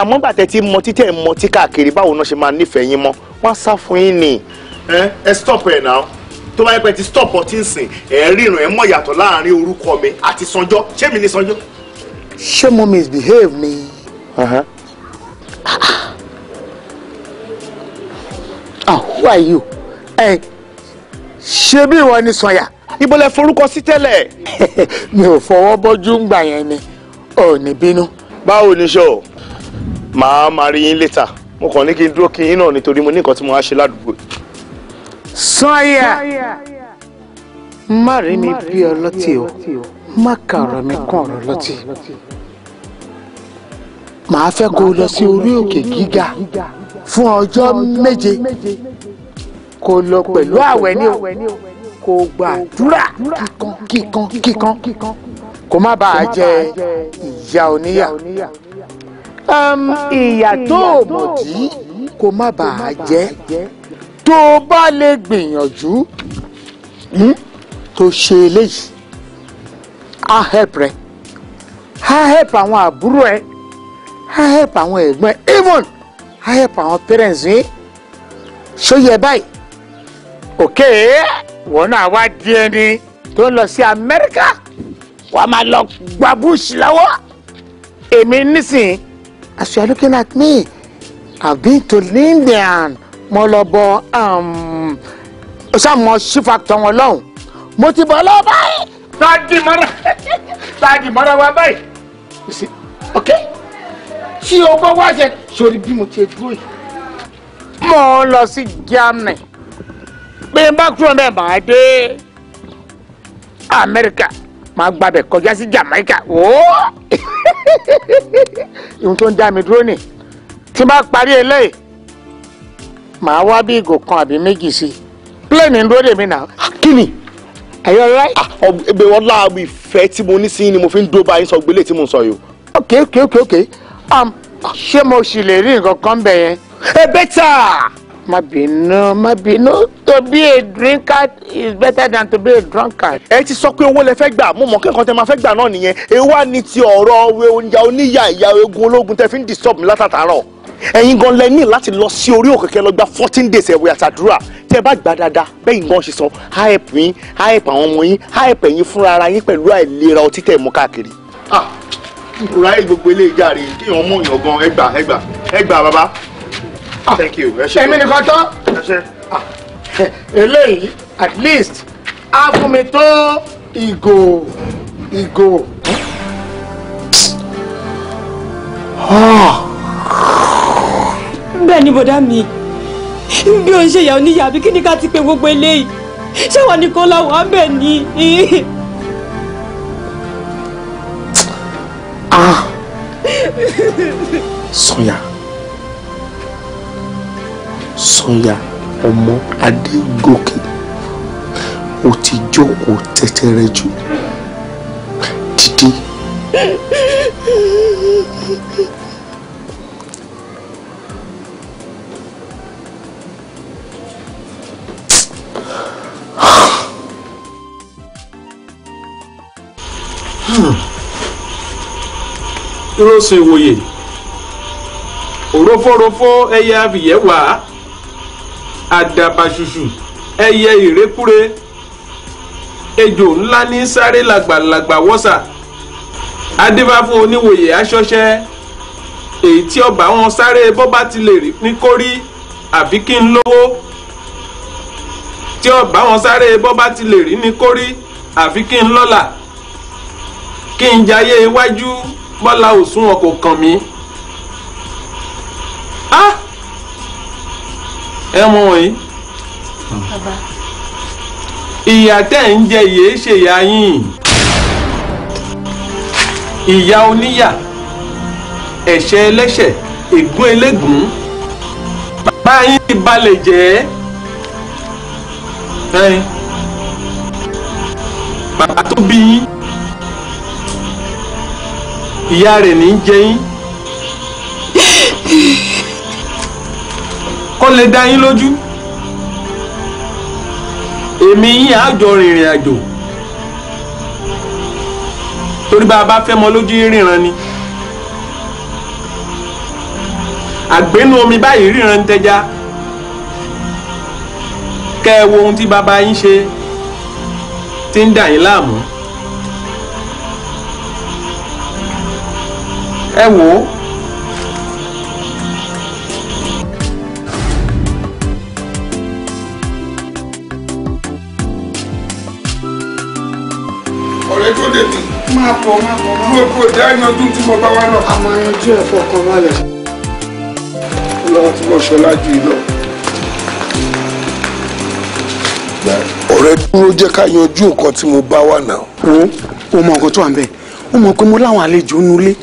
àmọ́ gbàtẹ́ tí mọ títẹ̀ mọ tí káàkiri báwo náà ṣe máa nífẹ̀ẹ́ yín mọ́ wọ́n á sá fún yín ni. ẹ ẹ stop ẹ náà tó bá yẹ pé ti stop ọtí ń sìn ẹ ríran ẹ mọ̀ yàtọ̀ láàrin orúkọ mi àti sanjọ́ ṣé mi ni sanjọ́. ṣé mo misbehave ni. ah who are you ẹ ṣe bí ìwọ ni sanya. ibo lẹ forúkọ sí tẹ́lẹ̀. mi ò fọwọ́ bọ́jú ń gbà yẹn ni ò ní bínú. báwo ni ṣe o màá máa rí yín later mo kàn ní kí n dúró kí yín náà nítorí mo ní nǹkan tí mo wá ṣe ládùúgbò. sọ́yà má rí mi bí ọlọ́tì o má ka ọ̀rọ̀ mi kún ọ̀rọ̀ ọlọ́tì màá fẹ́ kó o lọ sí orí òkè gíga fún ọjọ́ méje kó o lọ pẹ̀lú àwẹ̀ ni o kó o gbàdúrà kíkan kíkan kíkan kó má bàa jẹ ìyà oníyà ìyà tó o mọ̀ tí kò má bàa jẹ́ tó o bá lè gbìyànjú hmm, tó ṣe eléyìí á help rẹ á help àwọn àbúrò ẹ á help àwọn ẹ̀gbọ́n ẹ even á help àwọn parents yín ṣó yẹ báyìí òkè wọn náà wá di ẹni tó ń lọ sí Amẹ́ríkà wàá máa lọ gba bush lọ́wọ́ èmi nísìnyí as you are looking at me i've been to London mo lọ bọ sàmọ sí factor wọn lọ́hùn mo ti bọ̀ lọ́wọ́ báyìí. táàgì mọ́ra táàgì mọ́ra wa báyìí ok tí o bọ́ wá ṣe sórí bí mo ti dúró yìí mo lọ sí Germany pé n bá kúrò bẹ́ẹ̀ dé Amẹ́ríkà máa gbabẹ̀ kọjá sí Jamaica wòó ohun tó ń dá mi dúró nì tí n bá parí eléyìí màá wá bí ìgò kan àbí méjì sí pléènì ń dúró dè mí nà. Ah, kí ni ẹ̀yọ́ ọ̀rẹ́. ọ̀gbẹ́ wọn láàbù ìfẹ́ tí mo ní sí ni mo fi ń dó báyìí sọ gbélé tí mo sọ yìí. ok ok ok ok ṣé mo sì lè rí nǹkan kan bẹ̀ yẹn. ẹ bẹ́tà má bínú má bínú to be a drinker is better than to be a drunkard. ẹ ti sọ pé owó lẹ fẹ́ gbà mo mọ̀ kí nǹkan tẹ máa fẹ́ gbà náà nìyẹn ẹ wá ní ti ọ̀rọ̀ oúnjẹ oníyà ìyá egun ológun tẹ fi ń disturb mi látàtàárọ̀ ẹ̀yin gan lẹ ní láti lọ sí orí òkèké lọ gba fourteen days ẹ̀wẹ̀ àtàdúrà tẹ bá gbà dáadáa bẹ́ẹ̀ gan ṣe sọ hype yín hype àwọn ọmọ yín hype ẹ̀yin fúnra ara yín pẹ̀lú àìlera ọtí tẹ̀ mọ́ káàkiri. ah nkùrá ẹ̀ gbogbo eléyìí jàre kí èèyàn mọ̀ èèyàn gan ẹgbà ẹgbà ẹgbà bàbá thank you ẹ ṣe èmi nìkan tán ah. eléyìí at least á fún mi tó ìgò ìgò. Ah. bẹ́ẹ̀ ni bọ̀dá mi bí o ń ṣe ìyá oníyà àbí kí ni ká ti pe gbogbo eléyìí ṣé wà nìkan la wà bẹ́ẹ̀ ni. Ah. Sonya sọyà ọmọ adégòkè ó ti jókòó tẹ́tẹ́rẹ́ jù dìde. irú sùn ìwòye òrófórófó ẹyẹ abìyẹ́ wàá àdàbàṣùṣù ẹyẹ ìrékúre ejò ńlá ní sáré làgbàlàgbà wọ́sà adébáfó oníwòye aṣọṣẹ́ èyí tí ọba wọn sáré bó bá ti lè rí ní kórí àbí kí n lówó tí ọba wọn sáré bó bá ti lè rí ní kórí àfi kí n lọ́là kí n jayé iwájú bọ́lá òsùn wọn kò kàn mí. Ah! ẹ mọ wọ̀nyí. ìyá tẹ́ ń jẹ yìí ṣe ìyá yín ìyá oníyà ẹ̀ṣẹ̀ ẹlẹ́ṣẹ̀ ègún elégún bàbá yín ti balẹ̀ jẹ́ ẹ̀rín bàbá tó bí yín ìyá rẹ̀ ní í jẹ yín. kó lè da yín lójú èmi yín á jọ rìnrìn àjò torí bá a bá fẹ́ mọ lójú ríran ni àgbénu omi báyìí ríran tẹja kẹ́ ẹ wo ohun tí bàbá yín ṣe tí ń dà yín láàmú ẹ wò ó. má bọ̀ má bọ̀ má bọ̀ gbogbo ìdá yanjú tí mo bá wá lọ. a máa yanjú ẹ̀ fọkàn balẹ̀. ọlọ́run tí mo ṣọlá jù yìí lọ. ọ̀rẹ́ dúró jẹ́ ká yanjú nǹkan tí mo bá wà náà. o mọ nǹkan tó wà ń bẹ̀ o mọ̀ pé mo láwọn àlejò nulẹ̀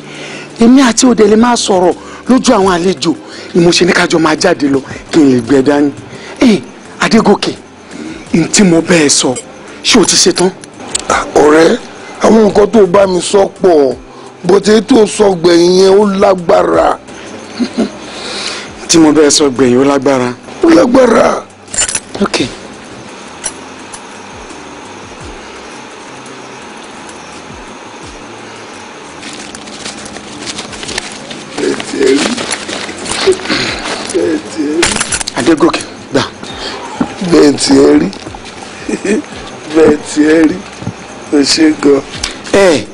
èmi àti òde lè máa sọ̀rọ̀ lójú àwọn àlejò ni mo ṣe ní kájọ máa jáde lọ kí n lè gbẹ e dání ẹ Adégòkè n tí mo bẹ́ẹ̀ sọ ṣé o ti ṣetán. ọ̀rẹ́ àwọn nǹkan tó bá mi sọ pọ̀ bọ̀tẹ́ tó sọ gbẹ̀yìn yẹn ó lágbára. tí mo bẹ́ẹ̀ sọ gbẹ̀yìn ó lágbára. ó lágbára. ok. adégòkè gbà. bẹ́ẹ̀ tiẹ̀ rí bẹ́ẹ̀ tiẹ̀ rí ṣe gan. ẹ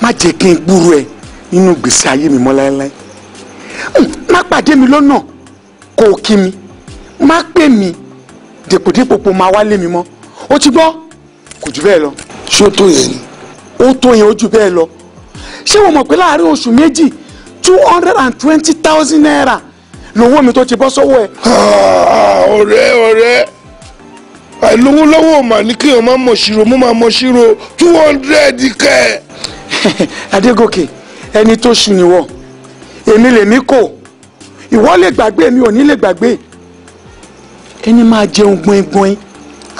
má jẹ́ kí n gbúrò ẹ nínú gbèsè ayé mi mọ́ láéláé hmm, má pàdé mi lọ́nà kó o kí mi má pè mí dèpòdèpò pò máa wálé mi mọ́ o ti gbọ́ kò jù bẹ́ẹ̀ lọ. ṣé ó tó yẹn ni. ó tó yẹn ó jù bẹ́ẹ̀ lọ ṣé wọ́n mọ̀ pé láàárín oṣù méjì two hundred and twenty thousand naira lówó mi tó ti bọ́ sọ́wọ́ ẹ. Ah, ah, ọ̀rẹ́ ọ̀rẹ́ àìlówó lọ́wọ́ mà ní kéèyàn má mọ̀ ṣírò mo máa mọ̀ ṣírò two hundred kẹ́. Adégòkè ẹni tó ṣì níwọ èmi lèmi kò ìwọ lè gbàgbé èmi ò ní lè gbàgbé ẹni máa jẹun gbọ̀ngbọ̀n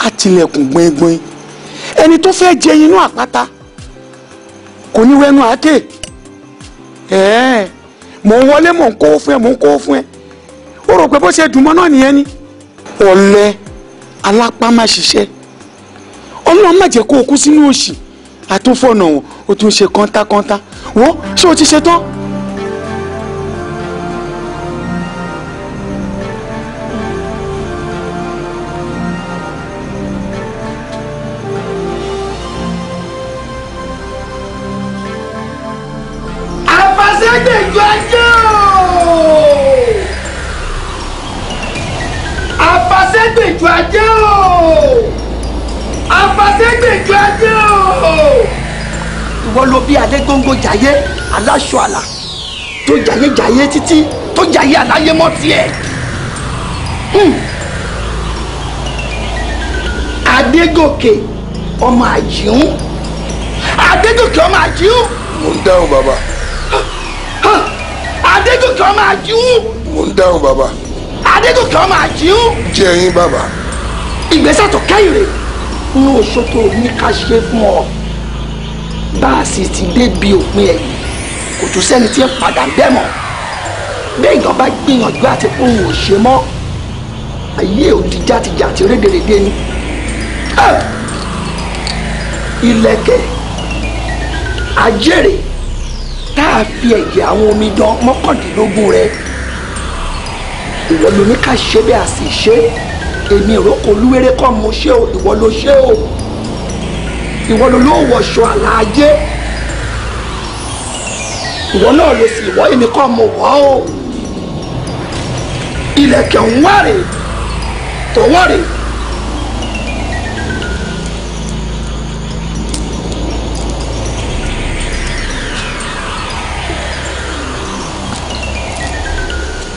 àtìlẹ̀kùn gbọ̀ngbọ̀n ẹni tó fẹ́ jẹ inú àpáta kò ní wẹnu àáké ẹ̀ẹ́ mò ń wọlé mò ń kó fún ẹ mò ń kó fún ẹ ó rò pé bó ṣe dùn mọ́ náà nìyẹn ni ọ̀lẹ alápá má ṣiṣẹ́ ọlọ́run má jẹ́ kó o kú sínú òṣì àtúnfọ̀nà o tún ṣe kọ́ńtákọ́ńtá wo ṣé o ti ṣe tán. ìwọ ló bí adégbòǹgbò jayé aláṣọ àlà tó jayé jayé títí tó jayé àláyé mọ́ tiẹ̀. Hmm. adégòkè ọmọ àjíhùn adégòkè ọmọ àjíhùn. mo ń dáhùn bàbá. adégòkè ọmọ àjíhùn. mo ń dáhùn bàbá. adégòkè ọmọ àjíhùn. jẹ́ yín bàbá. ìgbésẹ̀ tó kẹ́yìn rè ń lo òṣòtò ní ká ṣe fún ọ bá a sì ti débi òpin ẹ̀yìn kò tún sẹ́ni tí ń padà bẹ́ẹ̀ mọ́ bẹ́ẹ̀ èèyàn bá gbìyànjú àti ohun ò ṣe mọ́ ayé òdi játijàti rédèrèdè ni ilẹ̀kẹ̀ ajẹ́rẹ̀ tá a fi ẹ̀jẹ̀ àwọn omidan mọ́kàndínlógún rẹ̀ ìwọ ká ṣe bẹ́ẹ̀ a sì ṣe èmi ìrókò olúwerè mo ṣe o ìwọ ló ṣe o ìwọ ló ló wọṣọ àlàyé ìwọ náà ló sì wọ èmi kọ́ mo wọ́ o ilẹ̀kẹ̀ ń wáre tó wáre.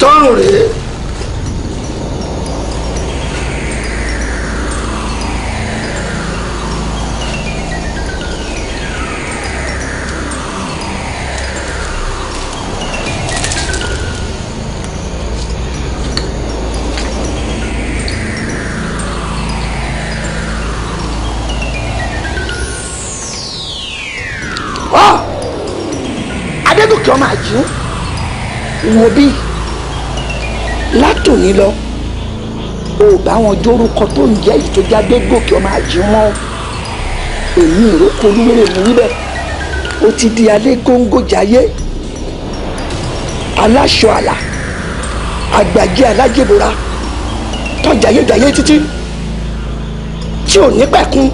tọ́rùn rèé. wò bí látòní lọ o ò bá wọn jórúkọ tó ń jẹ́ ìtòjá gbégbòkè ọmọ àjùmọ́ èmi ìrókò olúwèrè mú wíbẹ̀ ó ti di alẹ́ góńgó jayé aláṣọ àlà àgbàjẹ alájẹbora tọjàyéjàyé títí tí ò ní pẹ̀kun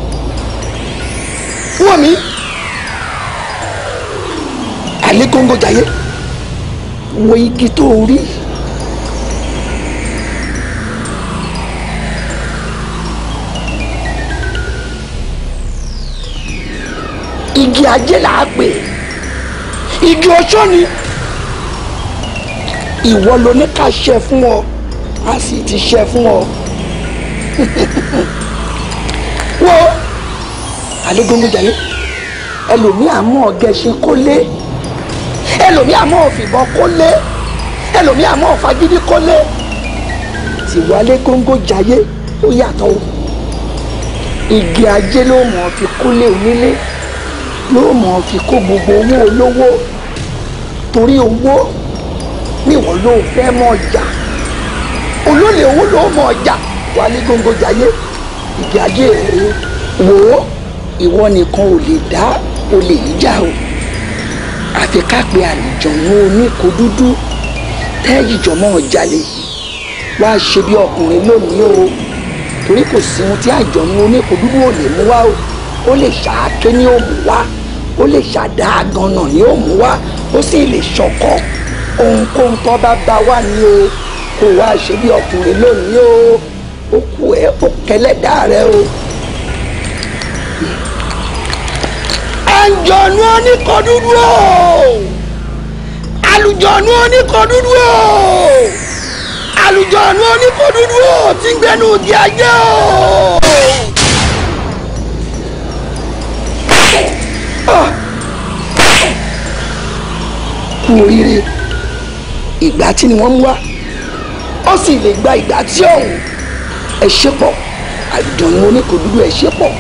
wọ́n mi alẹ́ góńgó wo igi tó rí igi ajé là á pè igi ọjọ́ ni ìwọ ló ní ká ṣe fún ọ a sì ti ṣe fún ọ wo àlejò ń ẹlòmíà mọ̀ ọ́ gẹ̀ẹ́sì kólé ẹlòmí àmọ́ òfìbọn kó lé ẹlòmí àmọ́ òfagídí kó lé tìwálé góńgó jayé ó yàtọ̀ o igi ajé ló mọ̀ ọ́ fi kólé onílé yóò mọ̀ ọ́ fi kó gbogbo owó olówó torí owó níwọ̀n ló fẹ́ mọ̀ ọjà olólè owó ló mọ̀ ọjà wálé góńgó jayé igi ajé rèé wò ó ìwọ nìkan ò lè dá olè yìí jà o àfi ká pe àlùjọ̀nù oníkó dúdú tẹ́ẹ̀jìjọ́ mọ́ jalè wá ṣe bí ọkùnrin lónìí o torí kò sí ohun tí àjọ̀nù oníkó dúdú ò lè mú wá o ó lè ṣàáké ní òmù wá ó lè ṣàdá aganà ní òmù wá ó sì lè ṣọkọ ohunkóhun tó bá bá wà ní o kò wá ṣe bí ọkùnrin lónìí o ó kù ẹ́ ó kẹlẹ́dàá rẹ o. àlùjọ̀nù oníkọ̀dúdú o àlùjọ̀nù oníkọ̀dúdú o àlùjọ̀nù oníkọ̀dúdú o ti ń gbẹnu òdì ajé o. kú oríire ìgbà tí ni wọ́n mú wá ó sì lè gba ìgbà tí ọ̀hún ẹ̀ ṣe pọ̀ àlùjọ̀nù oníkọ̀dúdú ẹ̀ ṣe pọ̀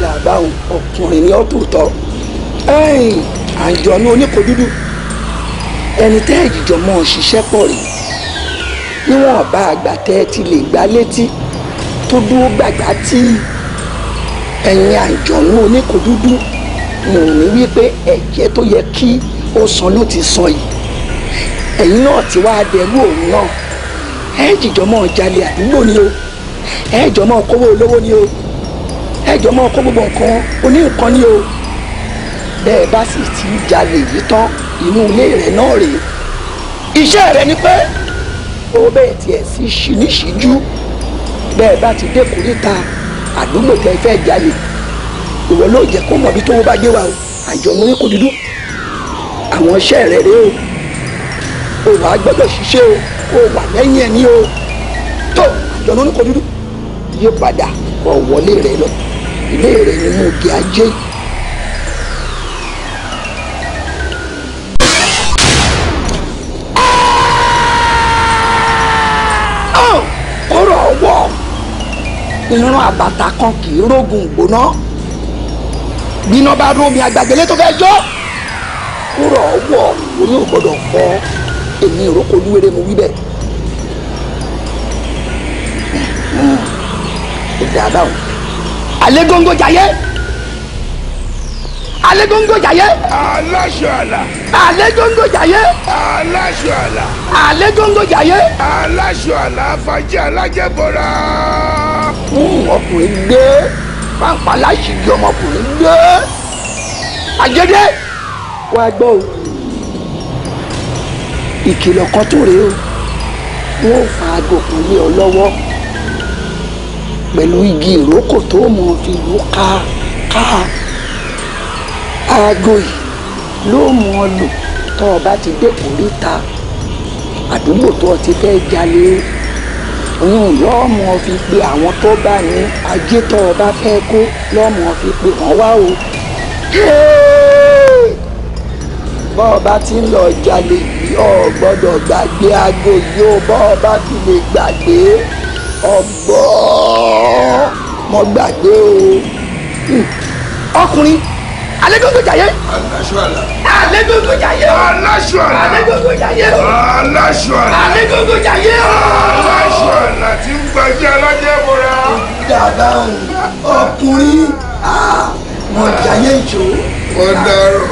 dàbà ọkùnrin ní ọ́ tòótọ́ àjọ̀nú oníkó dúdú ẹni tẹ́ ìjọ mọ́ ṣiṣẹ́ pọ̀ rèé níwọ̀n ọba àgbà tẹ́ ẹ ti lè gbá létí tó dúró gbàgbà tí ẹ̀yin àjọ̀nú oníkó dúdú mò ń wípé ẹ̀jẹ̀ tó yẹ kí ó san ló ti san yìí ẹ̀yin náà ti wá dẹrú òun náà ẹ jìjọ mọ́ jalè àdúgbò ni o ẹ jọ mọ́ kówó olówó ni o ẹ jọ mọ́ kó gbogbo nǹkan oní nǹkan ni o bẹ́ẹ̀ bá sì ti jalè yìí tán inú ilé rẹ̀ náà rèé iṣẹ́ rẹ̀ ni pé o bẹ́ẹ̀ tiẹ̀ sí ṣìníṣìjú bẹ́ẹ̀ bá ti dé kórìíta àdúgbò tẹ́ fẹ́ jalè ìwọ ló jẹ́ kó mọ̀ bí tó bá dé wa o àjọ mọ́ ní kò dúdú àwọn iṣẹ́ rẹ̀ rèé o o wàá gbọ́dọ̀ ṣiṣẹ́ o o wà lẹ́yìn ẹ̀ ní o tó àjọ mọ́ ní kò dúdú yí padà kó wọlé rẹ̀ lọ ilé rẹ̀ nínú òkè ajé yìí. irun àbàtà kan kì í rógun gbóná gbiná bá rún omi àgbàgbélé tó fẹ́ jọ́ kúrò ọwọ́ orí ò gbọ́dọ̀ fọ́ èmi ìrókò olúwere mo wí alẹ́ góńgó jayé alẹ́ góńgó jayé. aláṣọ àlà. alẹ́ góńgó jayé. aláṣọ àlà. alẹ́ góńgó jayé. aláṣọ àlà afajẹ́ alájẹbọra ọkùnrin gbé pàápàá láìsí yọ ọmọkùnrin gbé àjẹdẹ wàá gbọ́ o ìkìlọ̀ kan tó rèé o wọn ò fa aago kan lé ọ lọ́wọ́ pẹ̀lú igi ìrókò tó mọ̀ fi lù ká ká aago yìí ló mọ̀ ọ lò tó o bá ti dé kórìíta àdúgbò tó o ti fẹ́ jalè òun lọ́ọ̀mù fi pe àwọn tó bá ní ajé tó o bá fẹ́ kó lọ́ọ̀mù fi pe wọ́n wá o. bọ́ ọ bá ti ń lọ jalè yìí ọ gbọ́dọ̀ gbàgbé aago yìí ó bọ́ ọ bá ti lè gbàgbé ọgbọ́ mo gbàgbé o. Hmm. ọkùnrin. Alégúngún jayé. Aláṣọ̀ọ̀lá. Alégúngún jayé. Aláṣọ̀ọ̀lá. Alégúngún jayé. Aláṣọ̀ọ̀lá. Alégúngún jayé. Aláṣọ̀ọ̀lá ti ń gbajú alájẹ́ bọ̀rẹ̀. Dàda ọkùnrin wọ́n ah, jayé ìṣó. Wọ́n dárò.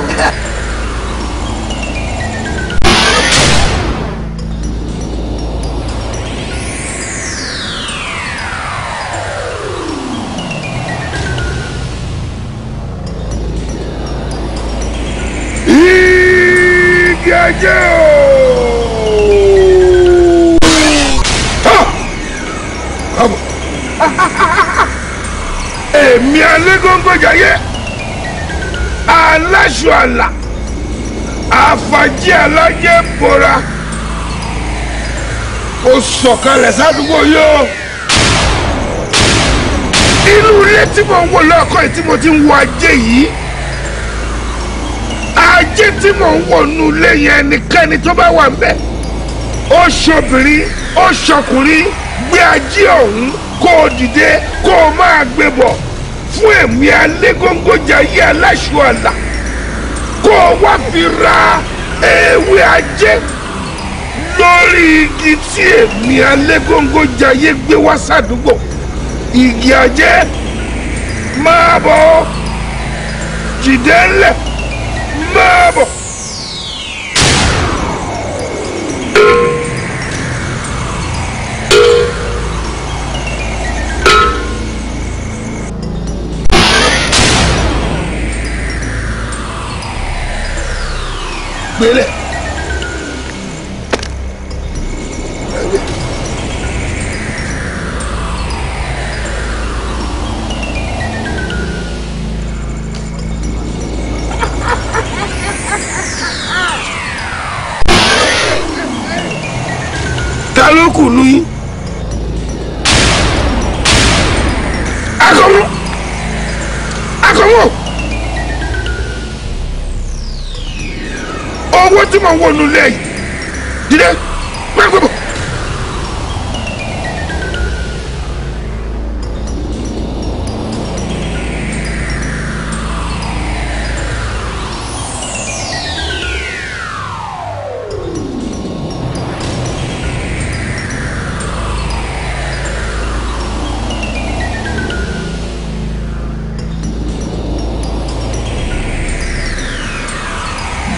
you! Come Èmi Alégóńgòjayé, aláṣọ àlà, àfàjì alájẹ bora, ó sọ̀kalẹ̀ sádùúgbò yóò. Inú ilé tí mo ń wò lọ́kọ̀ tí mo ti ń wo ajé yìí méjì tí mò ń wọnú ilé yẹn ẹnikẹ́ni tó bá wà ńbẹ̀ ó ṣobìnrin ó ṣọkùnrin gbé ajé ọ̀hún kó o dìde kó o máa gbé bọ̀ fún èmi alégóńgójà yé aláṣọ àlà kó o wá fi ra ewé ajé lórí igi tí èmi alégóńgójà yé gbé wá sádùúgbò igi ajé máa bọ̀ jìdẹ́lẹ̀. Mama! tó ń wọnú ilé yìí dídé gbẹgbẹbọ.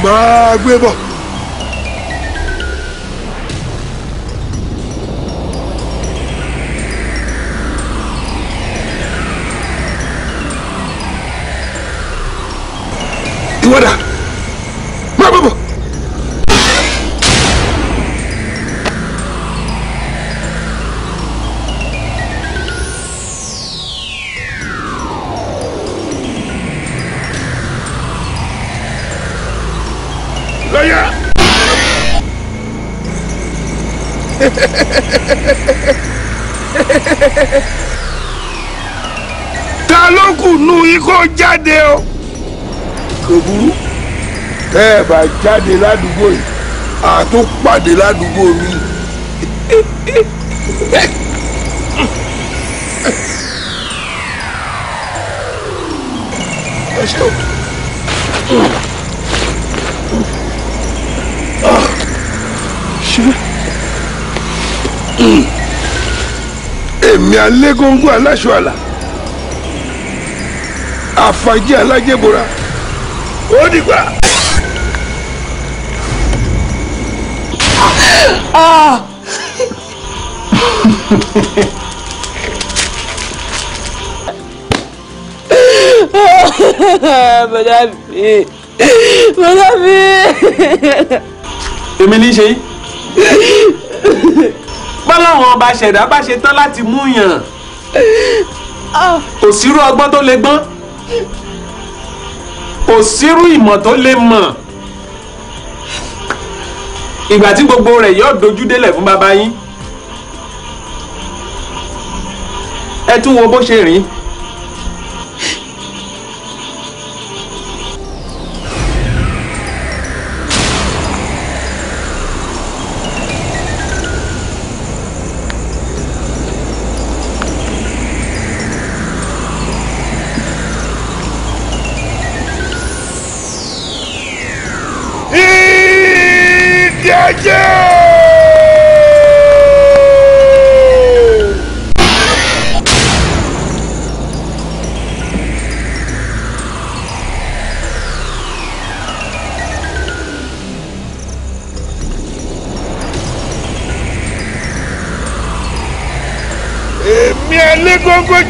gbàgbé bọ̀. tẹ́ ẹ bá jáde ládùúgbò yìí àtúpàdé ládùúgbò mi. ẹ ṣe o. èmi alégóńgó aláṣọ àlà àfàjẹ alájẹbora ó dìgbà. Ah, mi bọ̀dá mi. èmi ní í ṣe yín bọ́láwọn ọba ṣẹ̀dá bá ṣe tán láti mú yàn kò sírú ọgbọ́n tó lè gbọ́n kò sírú ìmọ̀ tó lè mọ̀ ìgbà tí gbogbo rẹ̀ yóò dojú délẹ̀ fún bàbá yín ẹ tún wo bó ṣe rìn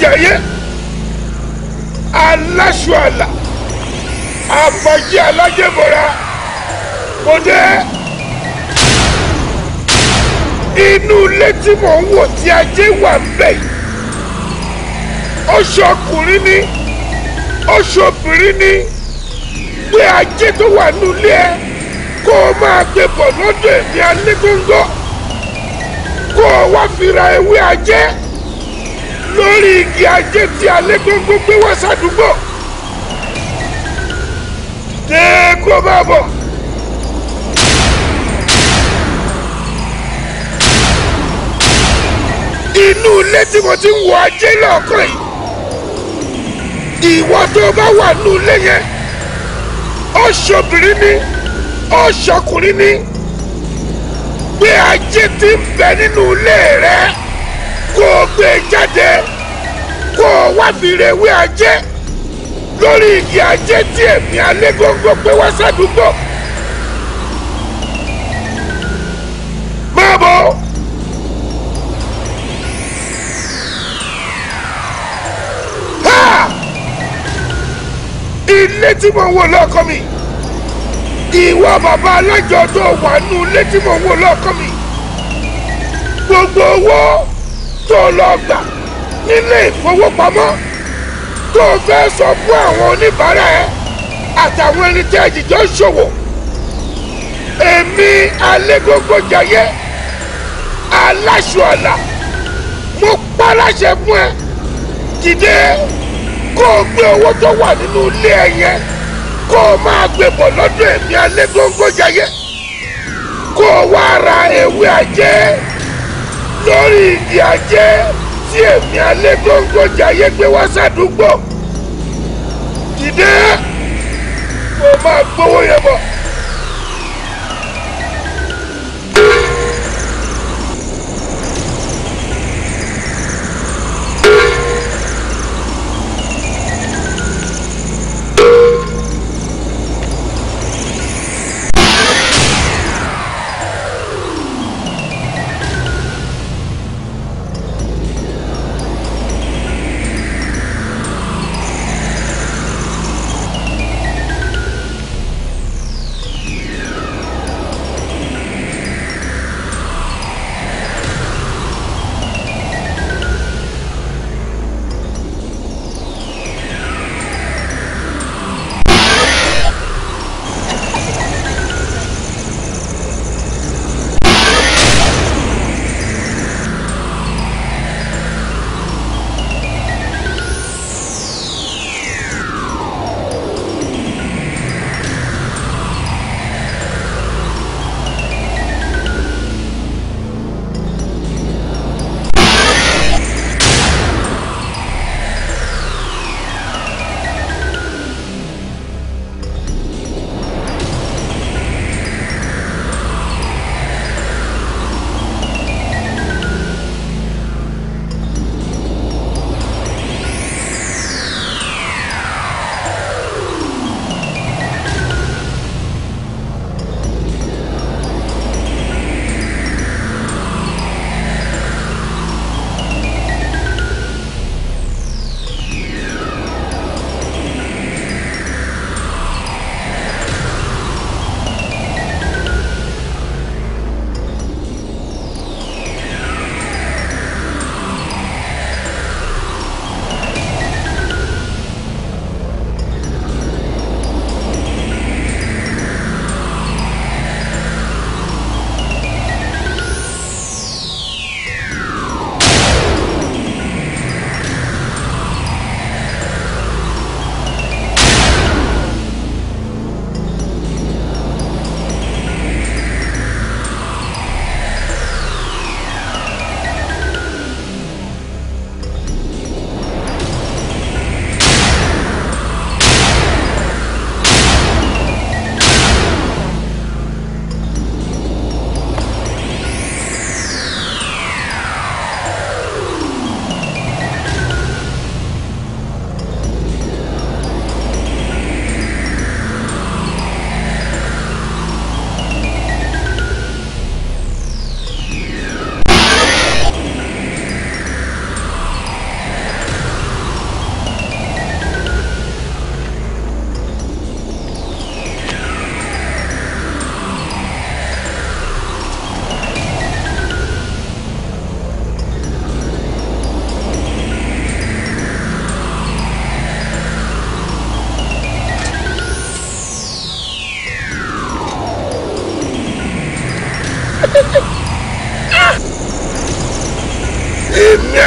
ajayé aláṣọ àlà àfọ̀jí alájẹbọra mo dé inú ilé tí mò ń wò tí ajé wà bẹ́ẹ̀ oṣù ọkùnrin ni oṣù obìnrin ni gbé ajé tó wà nílé ẹ kó o máa gbé bọ̀ lọ́dọ̀ èmi alégóńgó kó o wá fi ewé ajé lórí igi ajé tí alẹ́ gbogbo gbé wá sádùúgbò dé kó bá bọ̀. inú ilé tí mo ti ń wọ ajé lọ́ọ̀kan yìí ìwọ tó bá wà nínú ilé yẹn ọ̀ṣọ́bìnrin ni ọ̀ṣọ́kùnrin ni pé ajé ti ń bẹ nínú ilé rẹ̀ kó o gbé e jáde kó o wá fi rewé ajé lórí igi ajé tí èmi alégóńgó pé wá sádùúgbò. máa ilé tí mò wò lọ́kọ mi ìwọ bàbá alájọ tó wà nù ilé tí mò wò lọ́kọ mi gbogbo owó tó lọ gbà nílé ìfowópamọ́ tó o fẹ́ sọ fún àwọn oníbàárà ẹ àtàwọn ẹni tẹ́ ìjìjọ́ ṣòwò èmi Alégógó Jayé aláṣọ àlà mo paláṣẹ fún ẹ dìde kó o gbé owó tó wà nínú ilé ẹ yẹn kó o máa gbé bọ̀ lọ́dọ̀ èmi Alégógó Jayé kó o wá ra ewé àjẹ́ lórí ìdí ajé tí èmi alẹ́ gbọ́ngàn jayé gbé wá sádùúgbò. ìdè mo máa gbowó yẹn bọ̀.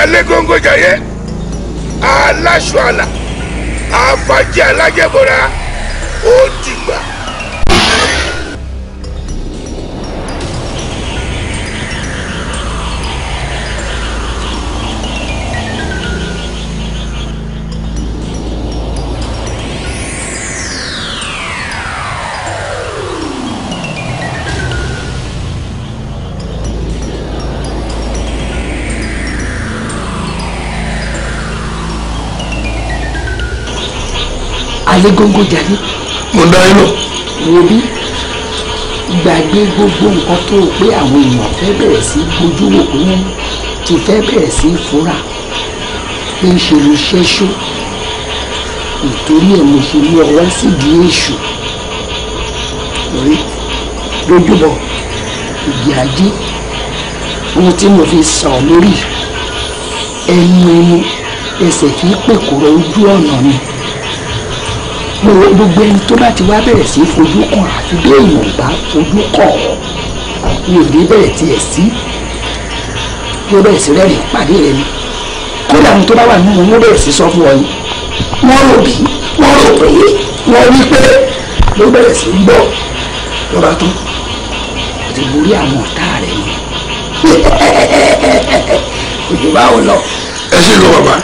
alégóńgó jayé aláṣọ àlà àfàjì alájẹbọra. alẹ́ góńgó jáde. mo dá yín lọ. wo bí gbàgbé gbogbo nǹkan tó o pé àwọn èèyàn fẹ́ bẹ̀rẹ̀ sí gbójú wò pé wọ́n ti fẹ́ bẹ̀rẹ̀ sí fúnra pé ń ṣe ló ṣẹ́ṣó nítorí ẹ̀ mo ṣe mú ọwọ́ sídìí èṣù rí lójúbọ ìdí ajé ohun tí mo fi sàn lórí ẹnu ẹnu ẹsẹ̀ kì pèkúrọ̀ ojú ọ̀nà ni mo rò gbogbo ẹni tó bá ti wá bẹ̀rẹ̀ sí fojú kàn àfi bí èèyàn bá fojú kàn ọ́ mi ò ní bẹ̀rẹ̀ tiẹ̀ sí yóò bẹ̀rẹ̀ sí rẹ́rìn pàdé rẹ ni kódà àwọn tó bá wà nínú wọn bẹ̀rẹ̀ sí sọ fún ọ ni wọ́n rò bí wọ́n rò pé wọ́n rí pé ló bẹ̀rẹ̀ sí ń bọ̀ lọ́ba tán o ti borí àwọn ọ̀tá rẹ ni òjò bá lọ. ẹ ṣe lọ bàbá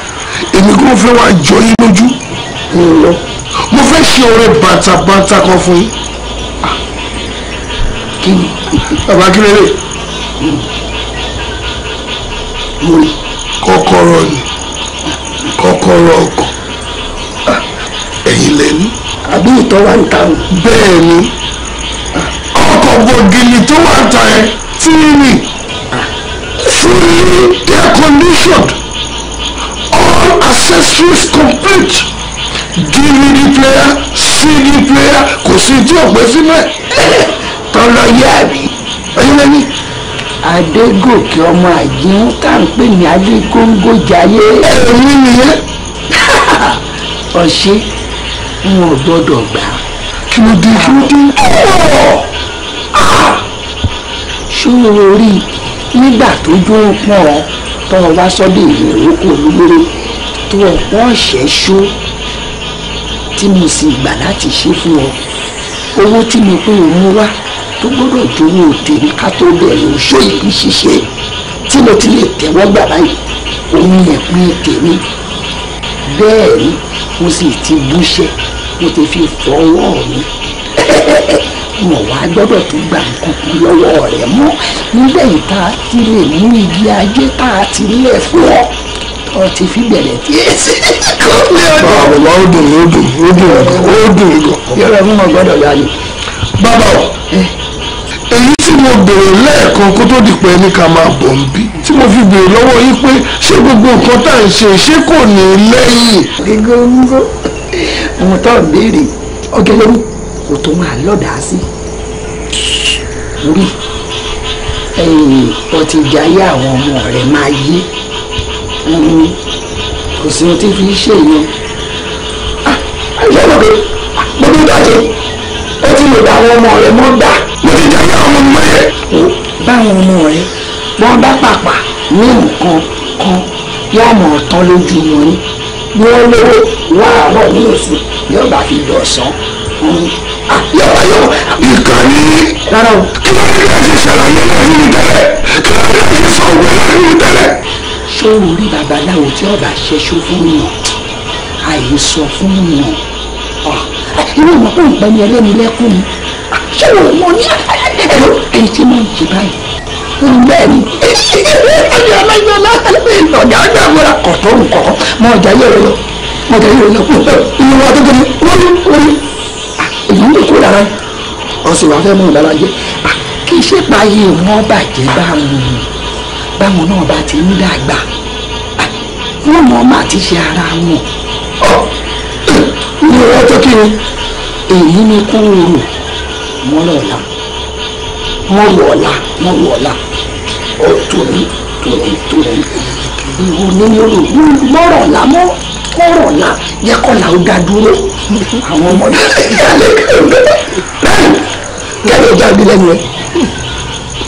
èmi kò fẹ́ wá jọ yín lójú. mo lọ ń ṣe oore bàǹtàbàǹtà kan fún yín bàbá kílélè kọ́kọ́rọ́ ni kọ́kọ́rọ́ ọkọ̀ ẹ̀yìn lẹ́nu. àbí ìtọ́ wa ń ta o. bẹ́ẹ̀ ni ọkọ̀ gbòógìlì tó wà ń ta ẹ fúnni fully air conditioned all accessories complete dìrì ní pléyà sí ní pléyà kò sí tí ò pé sínú ẹ̀ tọ́lọ yé àbí ọyẹ́lẹ́ ní. adégòkè ọmọ àjíhún tá à ń pè ní adégóńgó jayé. ẹ̀mí nìyẹn. ọ̀sẹ̀ n ò gbọ́dọ̀ gbà. kí ló dé kí ló dé. ṣòro orí nígbà tó jó ń pọ̀ tọ́ ọ wá sọ́dọ̀ ìrìn òkò lóore tó ọ pọ́n ṣó tí mi sì gbà láti ṣe fún ọ owó tí mo pé o mú wá tó gbọ́dọ̀ dúró òde ní ká tó bẹ̀rẹ̀ òṣó ìlú ṣíṣe tí mo ti lè tẹ́wọ́ gbà báyìí òun lẹ̀kún tèmi bẹ́ẹ̀ ni mo sì ti búṣẹ́ mo ti fi fọwọ́ mi mo wá gbọ́dọ̀ tó gba nǹkan kan lọ́wọ́ rẹ̀ mọ́ nígbà yìí tá a ti lè mú ilé ajé tá a ti lẹ̀ fún ọ tó ti fi bẹ̀rẹ̀ tí èsì. bàbá ó dùn ó dùn ó dùn ó dùn yọrọ fún wọn gbọ́dọ̀ yá ni. bàbá o èyí tí mo béèrè lẹ́ẹ̀kan kó tó di pé ẹni ká máa bọ̀ ń bí tí mo fi béèrè lọ́wọ́ yìí pé ṣé gbogbo nǹkan tá à ń ṣe ṣé kò ní lẹ́yìn. gbogbo ńgó ọmọ tó ń béèrè ọgẹlẹrú kò tó máa lọ́dàá sí orí ọtí ìjà ayé àwọn ọmọ rẹ̀ máa yé kò sí ohun tí ń fi ṣe ìyẹn. àìsàn ah, òde ah, mo ní dájú ó ti lè bá àwọn ọmọ rẹ mọ́ gbà mo ti jẹ́ àwọn ọmọ rẹ. báwọn ọmọ rẹ wọn bá pàpà ní nǹkan kan yóò mọ̀ tán lójú wọn ni bí wọ́n lówó wọ́n ní òsì ah, yóò bá fi dọ̀sán. yọ̀wá yọ̀wá ìkànnì. rárá o. kí ló dé láti ṣàlàyé lẹ́yìn tẹ́lẹ̀ kí ló dé láti sọ̀rọ̀ lẹ́yìn tẹ́lẹ̀ ṣóòrò rí babaláwo tí ọba ṣẹṣọ fún yàn àìsọ fún yàn inú ọmọ pé nǹkan ni ẹlẹ́ni lẹ́kùn mi ṣé wò ó mọ ní ẹ̀rọ ẹni tí máa ń jì báyìí bẹ́ẹ̀ni ọjà alájọ ọjà ọjà múra kọtọ nkọ mọ ọjà yẹrọ lọ mọ ọjà yẹrọ lọ ìlú wa tó tóbi wọlé wọlé èyí ń dòkó lára ọsùn wà fẹ́ mú un lára jẹ kí iṣẹ́ pa yìí mọ́ bàjẹ́ bá mu báwọn náà bá ti ń dàgbà wọn mọ ọmọ àti ṣe ara wọn. ní ọwọ́ tó kí ni. èyí ni kó o rò wọ́n lọ́la wọ́n lọ́la wọ́n lọ́la ó tòní tòní tòní ìwọ ni yóò rò mọ́rọ̀ la mọ́ kọ́rọ̀ la yẹ kọ́ la ó dá dúró àwọn ọmọdé kẹ́lẹ́ kẹ́lẹ́ kẹ́lẹ́ kẹ́lẹ́ ó dá bí lẹ́nu ẹ̀.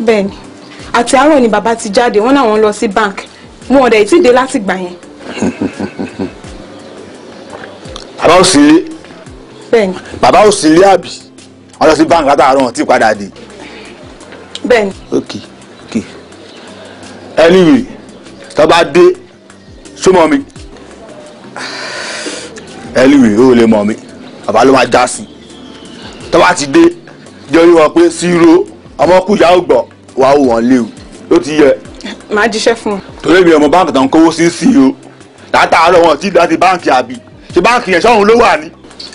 bẹ́ẹ̀ni àti àárọ̀ ni bàbá ti jáde wọn náà wọn lọ sí bank wọn ò dẹ̀ tí ì dé láti gbà yẹn. bàbá ò sí ilé. bẹ́ẹ̀ni. bàbá ò sí ilé àbí wọn lọ sí bank látàárọ̀ wọn ti ì padà dé. bẹ́ẹ̀ni. ok ok anyway tó bá dé súnmọ́ mi anyway ó lè mọ̀ mi bàbá ló máa já sí tó bá ti dé jẹ́ orí wọn pé zero ọmọ kúyà ó gbọ́ wàá wò wọ́n lé o ló ti yẹ. màá jíṣẹ́ fún un. torí mi ọmọ báńkì tán kówó sí sí o látàárọ̀ wọn ti dá ti báńkì àbí ṣe báńkì yẹn sọ́run ló wà ní.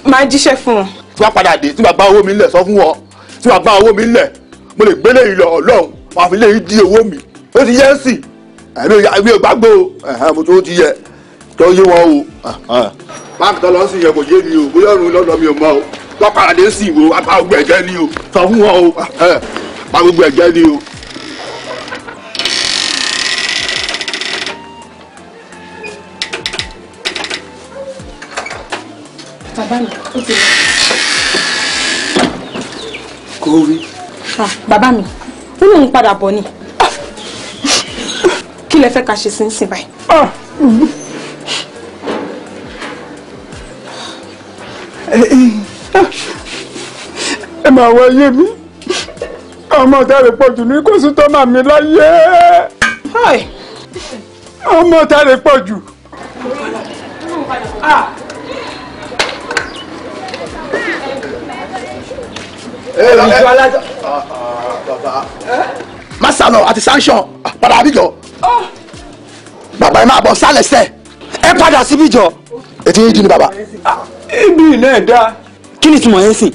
màá jíṣẹ́ fún un. tí wàá padà dé tí wàá gbá owó mi lẹ̀ sọ fún wọn tí wàá gbá owó mi lẹ̀ mo lè gbélé ìlọ ọlọ́run wàá fi lè di owó mi ó ti yẹ ń sì èmi ò gbàgbọ́ o mo tó ti yẹ tó yé wọn o. báńkì tán lọ sí yẹn kò yé mi o bóyá ọ̀run lọ́dọ̀ mi ò mọ o wàá padà dé sí ìwò àbá ògbẹ̀jẹ̀ ni o sọ fún wọn o pa gbogbo ẹ̀jẹ̀ ni o. bàbá mi ó ti lọ. kò rí. bàbá mi ó lóun padà bọ̀ ni kí lẹ fẹ́ ká ṣe sínsìn báyìí. ẹ máa wọ mi ọmọ tẹ̀lé pọ̀jù ní kò mi láyé ọmọ tẹ̀lé pọ̀jù. masa eh. ah, ah, àti sanction padà àbíjọ oh. bàbá ẹ máa bọ̀ sálẹ̀ ẹ padà síbí ètò yìí dùn ní bàbá. Ah, ibi náà dá. kí ni ìtumọ̀ yẹn sìn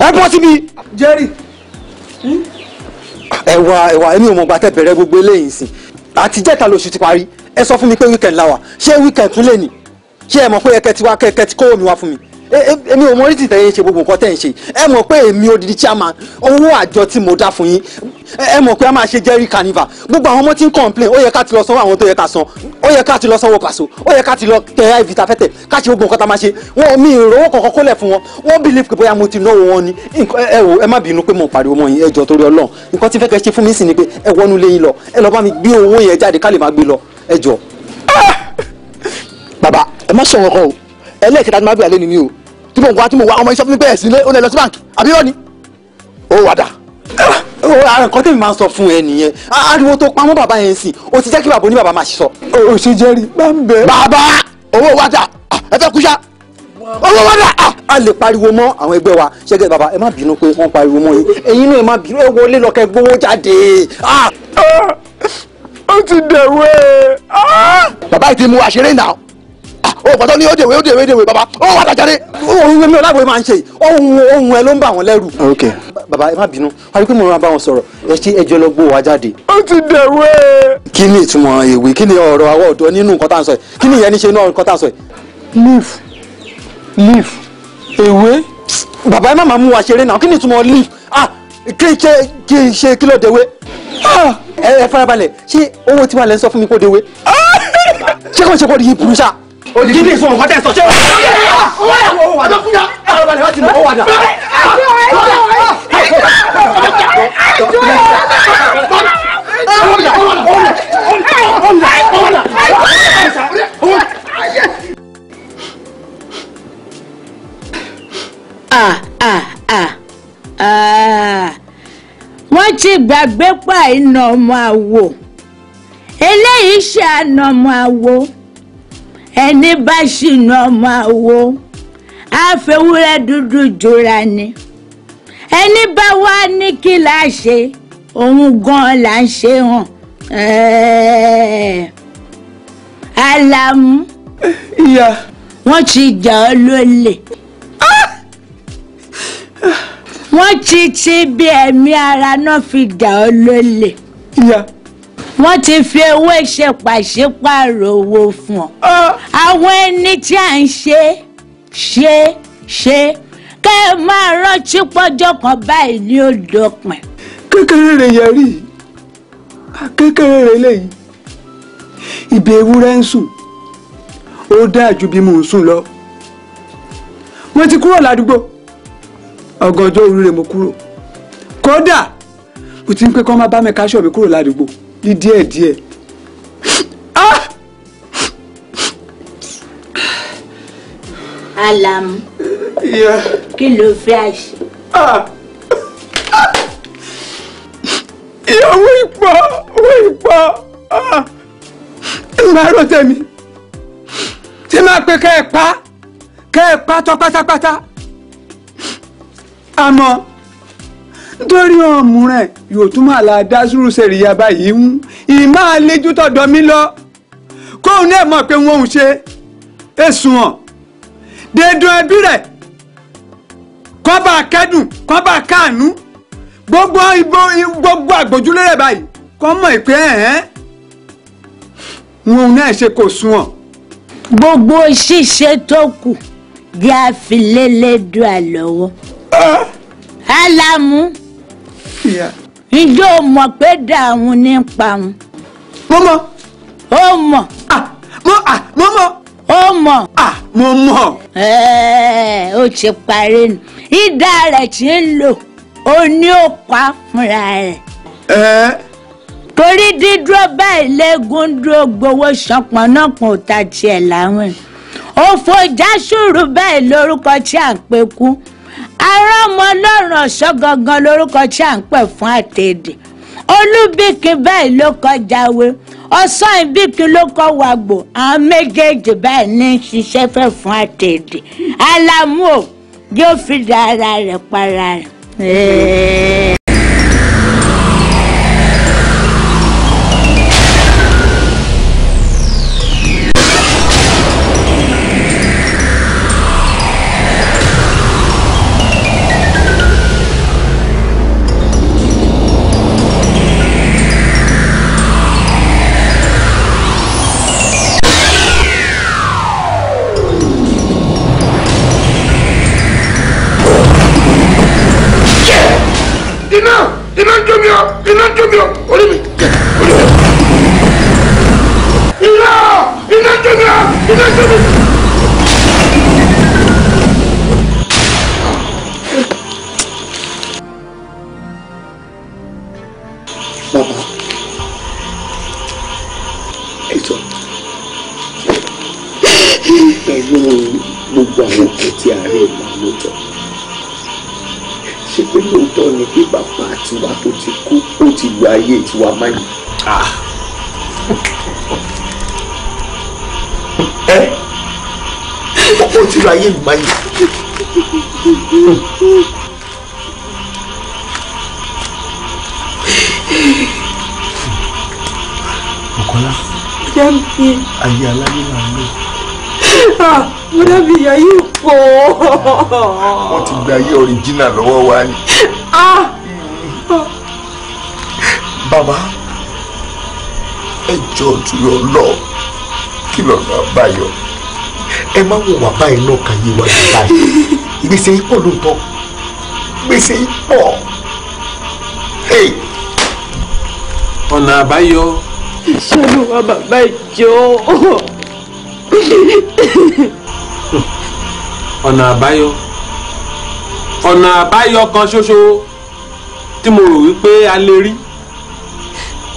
ẹ bọ́ síbi. jerry ẹ wá ẹ wá èmi ò mọ̀ gbà tẹ́ bẹ̀rẹ̀ gbogbo eléyìí sìn àtijẹ́ta lóṣù ti parí ẹ sọ fún mi pé weekend la wà ṣé weekend tún lè ní ṣé ẹ mọ̀ pé ẹ kẹ́ ti wá kẹ́ kẹ́ ti kówó mi wá fún mi Eh, eh, èmi ò mọ orí tìtẹ̀ yín ṣe gbogbo nǹkan tẹ̀ ń ṣe ẹ mọ̀ pé èmi odidi chairman owó àjọ tí mo dá fún yín ẹ mọ̀ pé a máa ṣe jerry carnival gbogbo àwọn ọmọ tí ń complain ó yẹ ká ti lọ sanwó àwọn tó yẹ ká san ó yẹ ká ti lọ sanwó pàṣọ ó yẹ ká ti lọ tẹ iv ta fẹ́tẹ̀ ká ṣe gbogbo nǹkan tá a máa ṣe wọn mi ìrówó kankan kólẹ̀ fún wọn wọn believe pé bóyá mo ti náwó wọn ni ẹ wò ẹ má bínú pé mo pariwo mọ́ yín ẹ jọ torí Ọlọ́run nǹkan tí fẹ́ kẹ́ ṣe fún mi sì ni pé ẹ wọnú lẹ́yìn lọ ẹ lọ bá mi gbé owó yẹn jáde ká lè má gbé lọ ẹ jọ. Ah! bàbá ẹ má sọ̀rọ̀ kan o ẹlẹ́ẹ̀kẹta ni má bẹ̀rẹ̀ lé ni mí o tí mo wá tí mo wá ọmọ iṣẹ́ fún mi pé ẹ̀sìn lé ó lè lọ sí báǹkì àbí ó ní ah, ó wà dà. o ara nǹkan tèmi máa ń sọ fún ẹ nìyẹn ariwo tó pamọ́ bàbá yẹn sìn o ti jẹ́ kí bàbá oníbàbá máa sọ. o ṣe jẹ́rìí bá ń bẹ. bàbá owó wa dà ah, ẹ fẹ́ kúṣá owó wa dà. Ah, a lè pariwo mọ́ àwọn ẹgbẹ́ wa ṣẹ́gẹ́ bàbá ẹ má bínú pé wọ́n pariwo mọ́ yìí ẹ̀yin náà ẹ má bínú ẹ wọlé lọ́kẹ́ gbowó jáde. ó ti dẹ̀wé. bàbá yìí ti mú wa ṣeré náà o oh, pàtó ní ó dèwé ó dèwé ó dèwé baba ó oh, wà lájàre. Oh, ohun mi ọlá ìwé máa ń ṣe ohun ohun ẹ ló ń bà wọn lẹ́rù. ok baba ẹ má bínú a rí pé mo ràn bá wọn sọ̀rọ̀ ẹ ṣe ẹjọ́ lọ gbó wa jáde. ó ti dẹ̀wé. kí ni ìtumọ̀ èwe kí ni ọ̀rọ̀ àwọ̀ ọ̀dọ́ nínú nǹkan tá à ń sọ yìí kí ni ìyẹn ní ṣe inú nǹkan tá à ń sọ yìí. leaf leaf èwe. baba ẹ má máa mú wa ṣeré náà kí ni ìtumọ̀ leaf ah kí ṣe kí ṣe kí ló dẹ̀wé. ẹ farabalẹ̀ ṣé owó tiwa lẹ́ ń sọ fún mi kó dẹ̀wé. ṣé kò ṣe kó di burúṣà kí ti gbàgbé pa iná ọmọ àwo eléyìí ṣe àna ọmọ àwo ẹni bá ṣìnà ọmọ wo, àfẹwúrẹ́ dúdú jura ni ẹni bá wá ní kí la ṣe òun gan là ń ṣe hàn Àlàmú. ìyá. wọ́n ti jà ọ́ lólè. wọ́n ti ti bí ẹ̀mí ara náà fi jà ọ́ lólè. Yeah wọ́n ti fi owó ṣe pàṣípààrọ̀ owó fún ọ. àwọn ẹni tí à ń ṣe ṣe ṣe kẹ́ ẹ máa rántí pọ́jọ́ kan báyìí ní odòpin. kékeré rẹ̀ yẹrí kékeré rẹ̀ lẹ́yìn ibi ewúrẹ́ ń sùn ó dáa ju bí mò ń sùn lọ wọ́n ti kúrò ládùúgbò ọ̀gànjọ́ òru rẹ̀ mo kúrò kódà mo ti ń pẹ́ kọ́ máa bá mi káṣọ́ mi kúrò ládùúgbò ní díẹ̀díẹ̀. Ah! Alamu kí ló fẹ́ àṣẹ. ìyàwó ìpọ owó ìpọ ẹ máa rọ tẹ̀mí tí máa pe kẹ́ ẹ pa kẹ́ ẹ pa tán pátápátá àmọ́ nítorí ọ̀mù rẹ̀ yóò tún máa la dásúrú sẹ̀ríyà báyìí ń ìmá àlejò tọ̀dọ̀ mi lọ kóun náà mọ̀ pé wọ́n ń ṣe èsùn hàn dédùn ẹbí rẹ̀ kọ́ bá kẹ́dùn kọ́ bá káànú gbogbo ibo gbogbo àgbòjúlé rẹ̀ báyìí kọ́ mọ̀ pé ẹ̀hẹ́n wọn náà ṣe kò sùn hàn. gbogbo ṣíṣe tó kù di àfilélẹ́dùn àlọ́wọ́. Alamu. Ah! ǹjẹ́ o mọ̀ pé dààmú ní pa wọn. mo mọ̀. o mọ̀. Ah, mo ah, mo mọ̀. o mọ̀. Ah, mo mọ̀. ó ti parí ni ìdá rẹ̀ ti ń lò ó ní ó pa fúnra rẹ̀. torí dídúró báyìí lẹ́gùn dúró gbowó ṣọpọ̀n náà kò ta tiẹ̀ láwìn. ó fojá báyìí lórúkọ tí à ń pe kú arámọ ọlọ́run ọ̀ṣọ́ gangan lórúkọ tí à ń pè fún àtẹ̀dè olúbìkin báyìí ló kọjáwé ọ̀sán ìbíkin ló kọ wàgbò àwọn méjèèjì báyìí ní ṣiṣẹ́ fẹ́ fún àtẹ̀dè alámú ò yóò fi da ara rẹ̀ para rẹ̀. gba ayé ọ̀ríjìnà lọ́wọ́ wa ni. bàbá ẹ jọ òtúyọ lọ kí lọ́nà àbáyọ. ẹ má wò wá báyìí náà kà yé wa ní báyìí gbèsè yìí pọ̀ lóòótọ́ gbèsè yìí pọ̀. ọ̀nà àbáyọ. ṣàlù wa bàbá ìjọ. ọ̀nà àbáyọ ọ̀nà àbáyọ kan ṣoṣo tí mo rò wípé a lè rí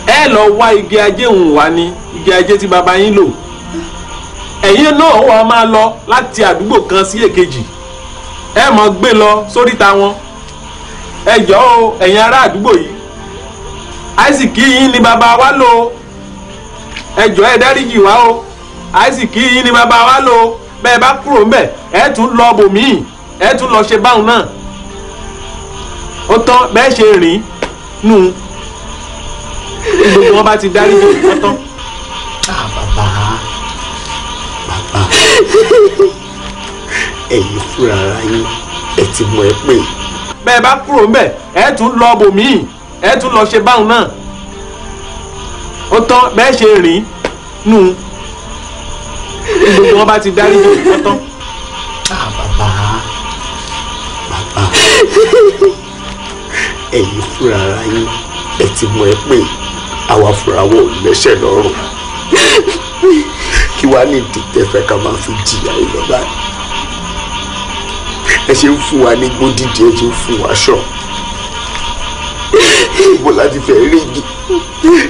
ẹ lọ wá igi ajé òun wá ní igi ajé tí baba yín lò ẹ̀yin náà wọ́n máa lọ láti àdúgbò kan sí èkejì ẹ mọ̀ gbé lọ sóríta wọn ẹ jọ̀ọ́ o ẹ̀yin ará àdúgbò yìí àìsìkí yín ni baba wa lò ẹ jọ̀ọ́ ẹ dáríjì wá o àìsìkí yín ni baba wa lò bẹ́ẹ̀ bá kúrò ńbẹ̀ ẹ tún lọ bòmíì ẹ tún lọ ṣe báwọn náà ó tán bẹ́ẹ̀ ṣe rìn nù gbogbo wọn bá ti dárí jù ó tán. Ah, bàbá bàbá ẹ̀yin fúnra ara yín ẹ ti mọ ẹ pé. bẹ́ẹ̀ bá kúrò ń bẹ̀ ẹ tún lọ bòmíì ẹ tún lọ ṣe báwọn náà ó tán bẹ́ẹ̀ ṣe rìn nù gbogbo wọn bá ti dárí jù ó tán. Ah, bàbá bàbá ẹ̀yin fúnra ara yín ẹ ti mọ̀ ẹ́ pé àwa fúnra wọn ò lẹ́sẹ̀ lọ́rùn kí wàá ní ìdìtẹ̀fẹ́ ká máa fi jìyà ìlọ́ba ẹ ṣe ń fún wa ní gbódìdí ẹ ṣe ń fún wa ṣọ ibo láti fẹ́ rígi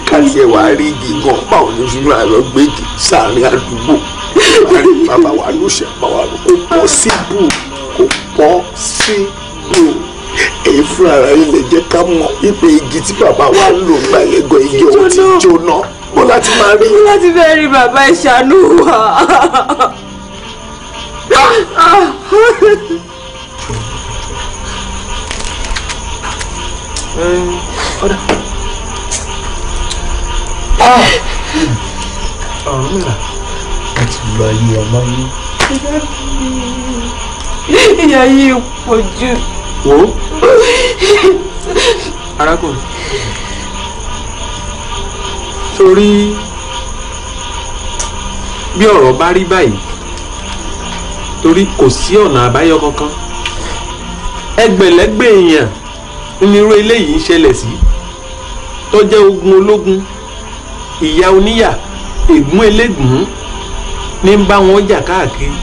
káṣí ẹ̀ wá rígi gan báwo ni fún ààrẹ gbégi sáàrin àdúgbò bàbá wa ló ṣe àpá wa kò pọ́ síbù kò pọ́ síbù èyí fúnra rẹ lè jẹ́ ká mọ̀ ipe igi tí bàbá wa lò gba ẹ̀gọ́ igi ọ̀hún ti jóná mo láti máa rí. mo láti fẹ́ rí bàbá ìṣàánú wa. ọ̀dà ah. ah. ọ̀rùn mi là láti lọ ayé ọmọ yìí. ìyá yìí pọ̀ jù. wo arákùnrin torí bí ọ̀rọ̀ bá rí báyìí torí kò sí ọ̀nà àbáyọ kankan ẹgbẹ̀lẹ́gbẹ̀ èèyàn nírú eléyìí ń ṣẹlẹ̀ sí tó ogun ológun ìyá oníyà ègún elégùn ní ń bá wọn jà káàkiri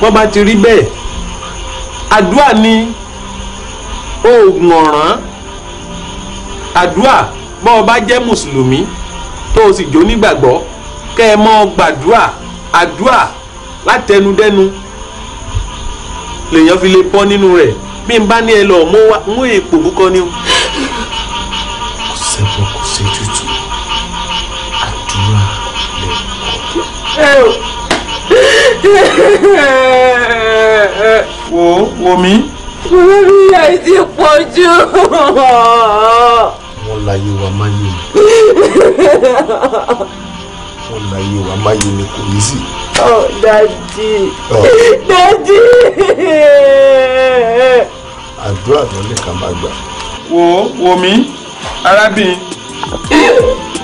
wọ́n bá ti rí bẹ́ẹ̀ Adua ni oògùn ọ̀ràn àdúà bọ́ ọ bá jẹ́ mùsùlùmí tó o sì jó nígbàgbọ́ kẹ́ ẹ mọ́ gbàdúà àdúà látẹnudẹ́nu lèèyàn fi lè bọ́ nínú rẹ̀ bí n bá ní ẹ lọ mú èèpò búkọ ni o. kò sẹ́gun kò sí tútù àdúrà lè pọ̀. wo wo mi. olórí ìyá yìí ti pọ̀ jù. wọ́n láyé wa máa yé mi. wọ́n láyé wa máa yé mi kò ní sí. Oh, daddy. Oh. Daddy. àdúrà tó lè ká máa gbà. wo wo mi arábìnrin.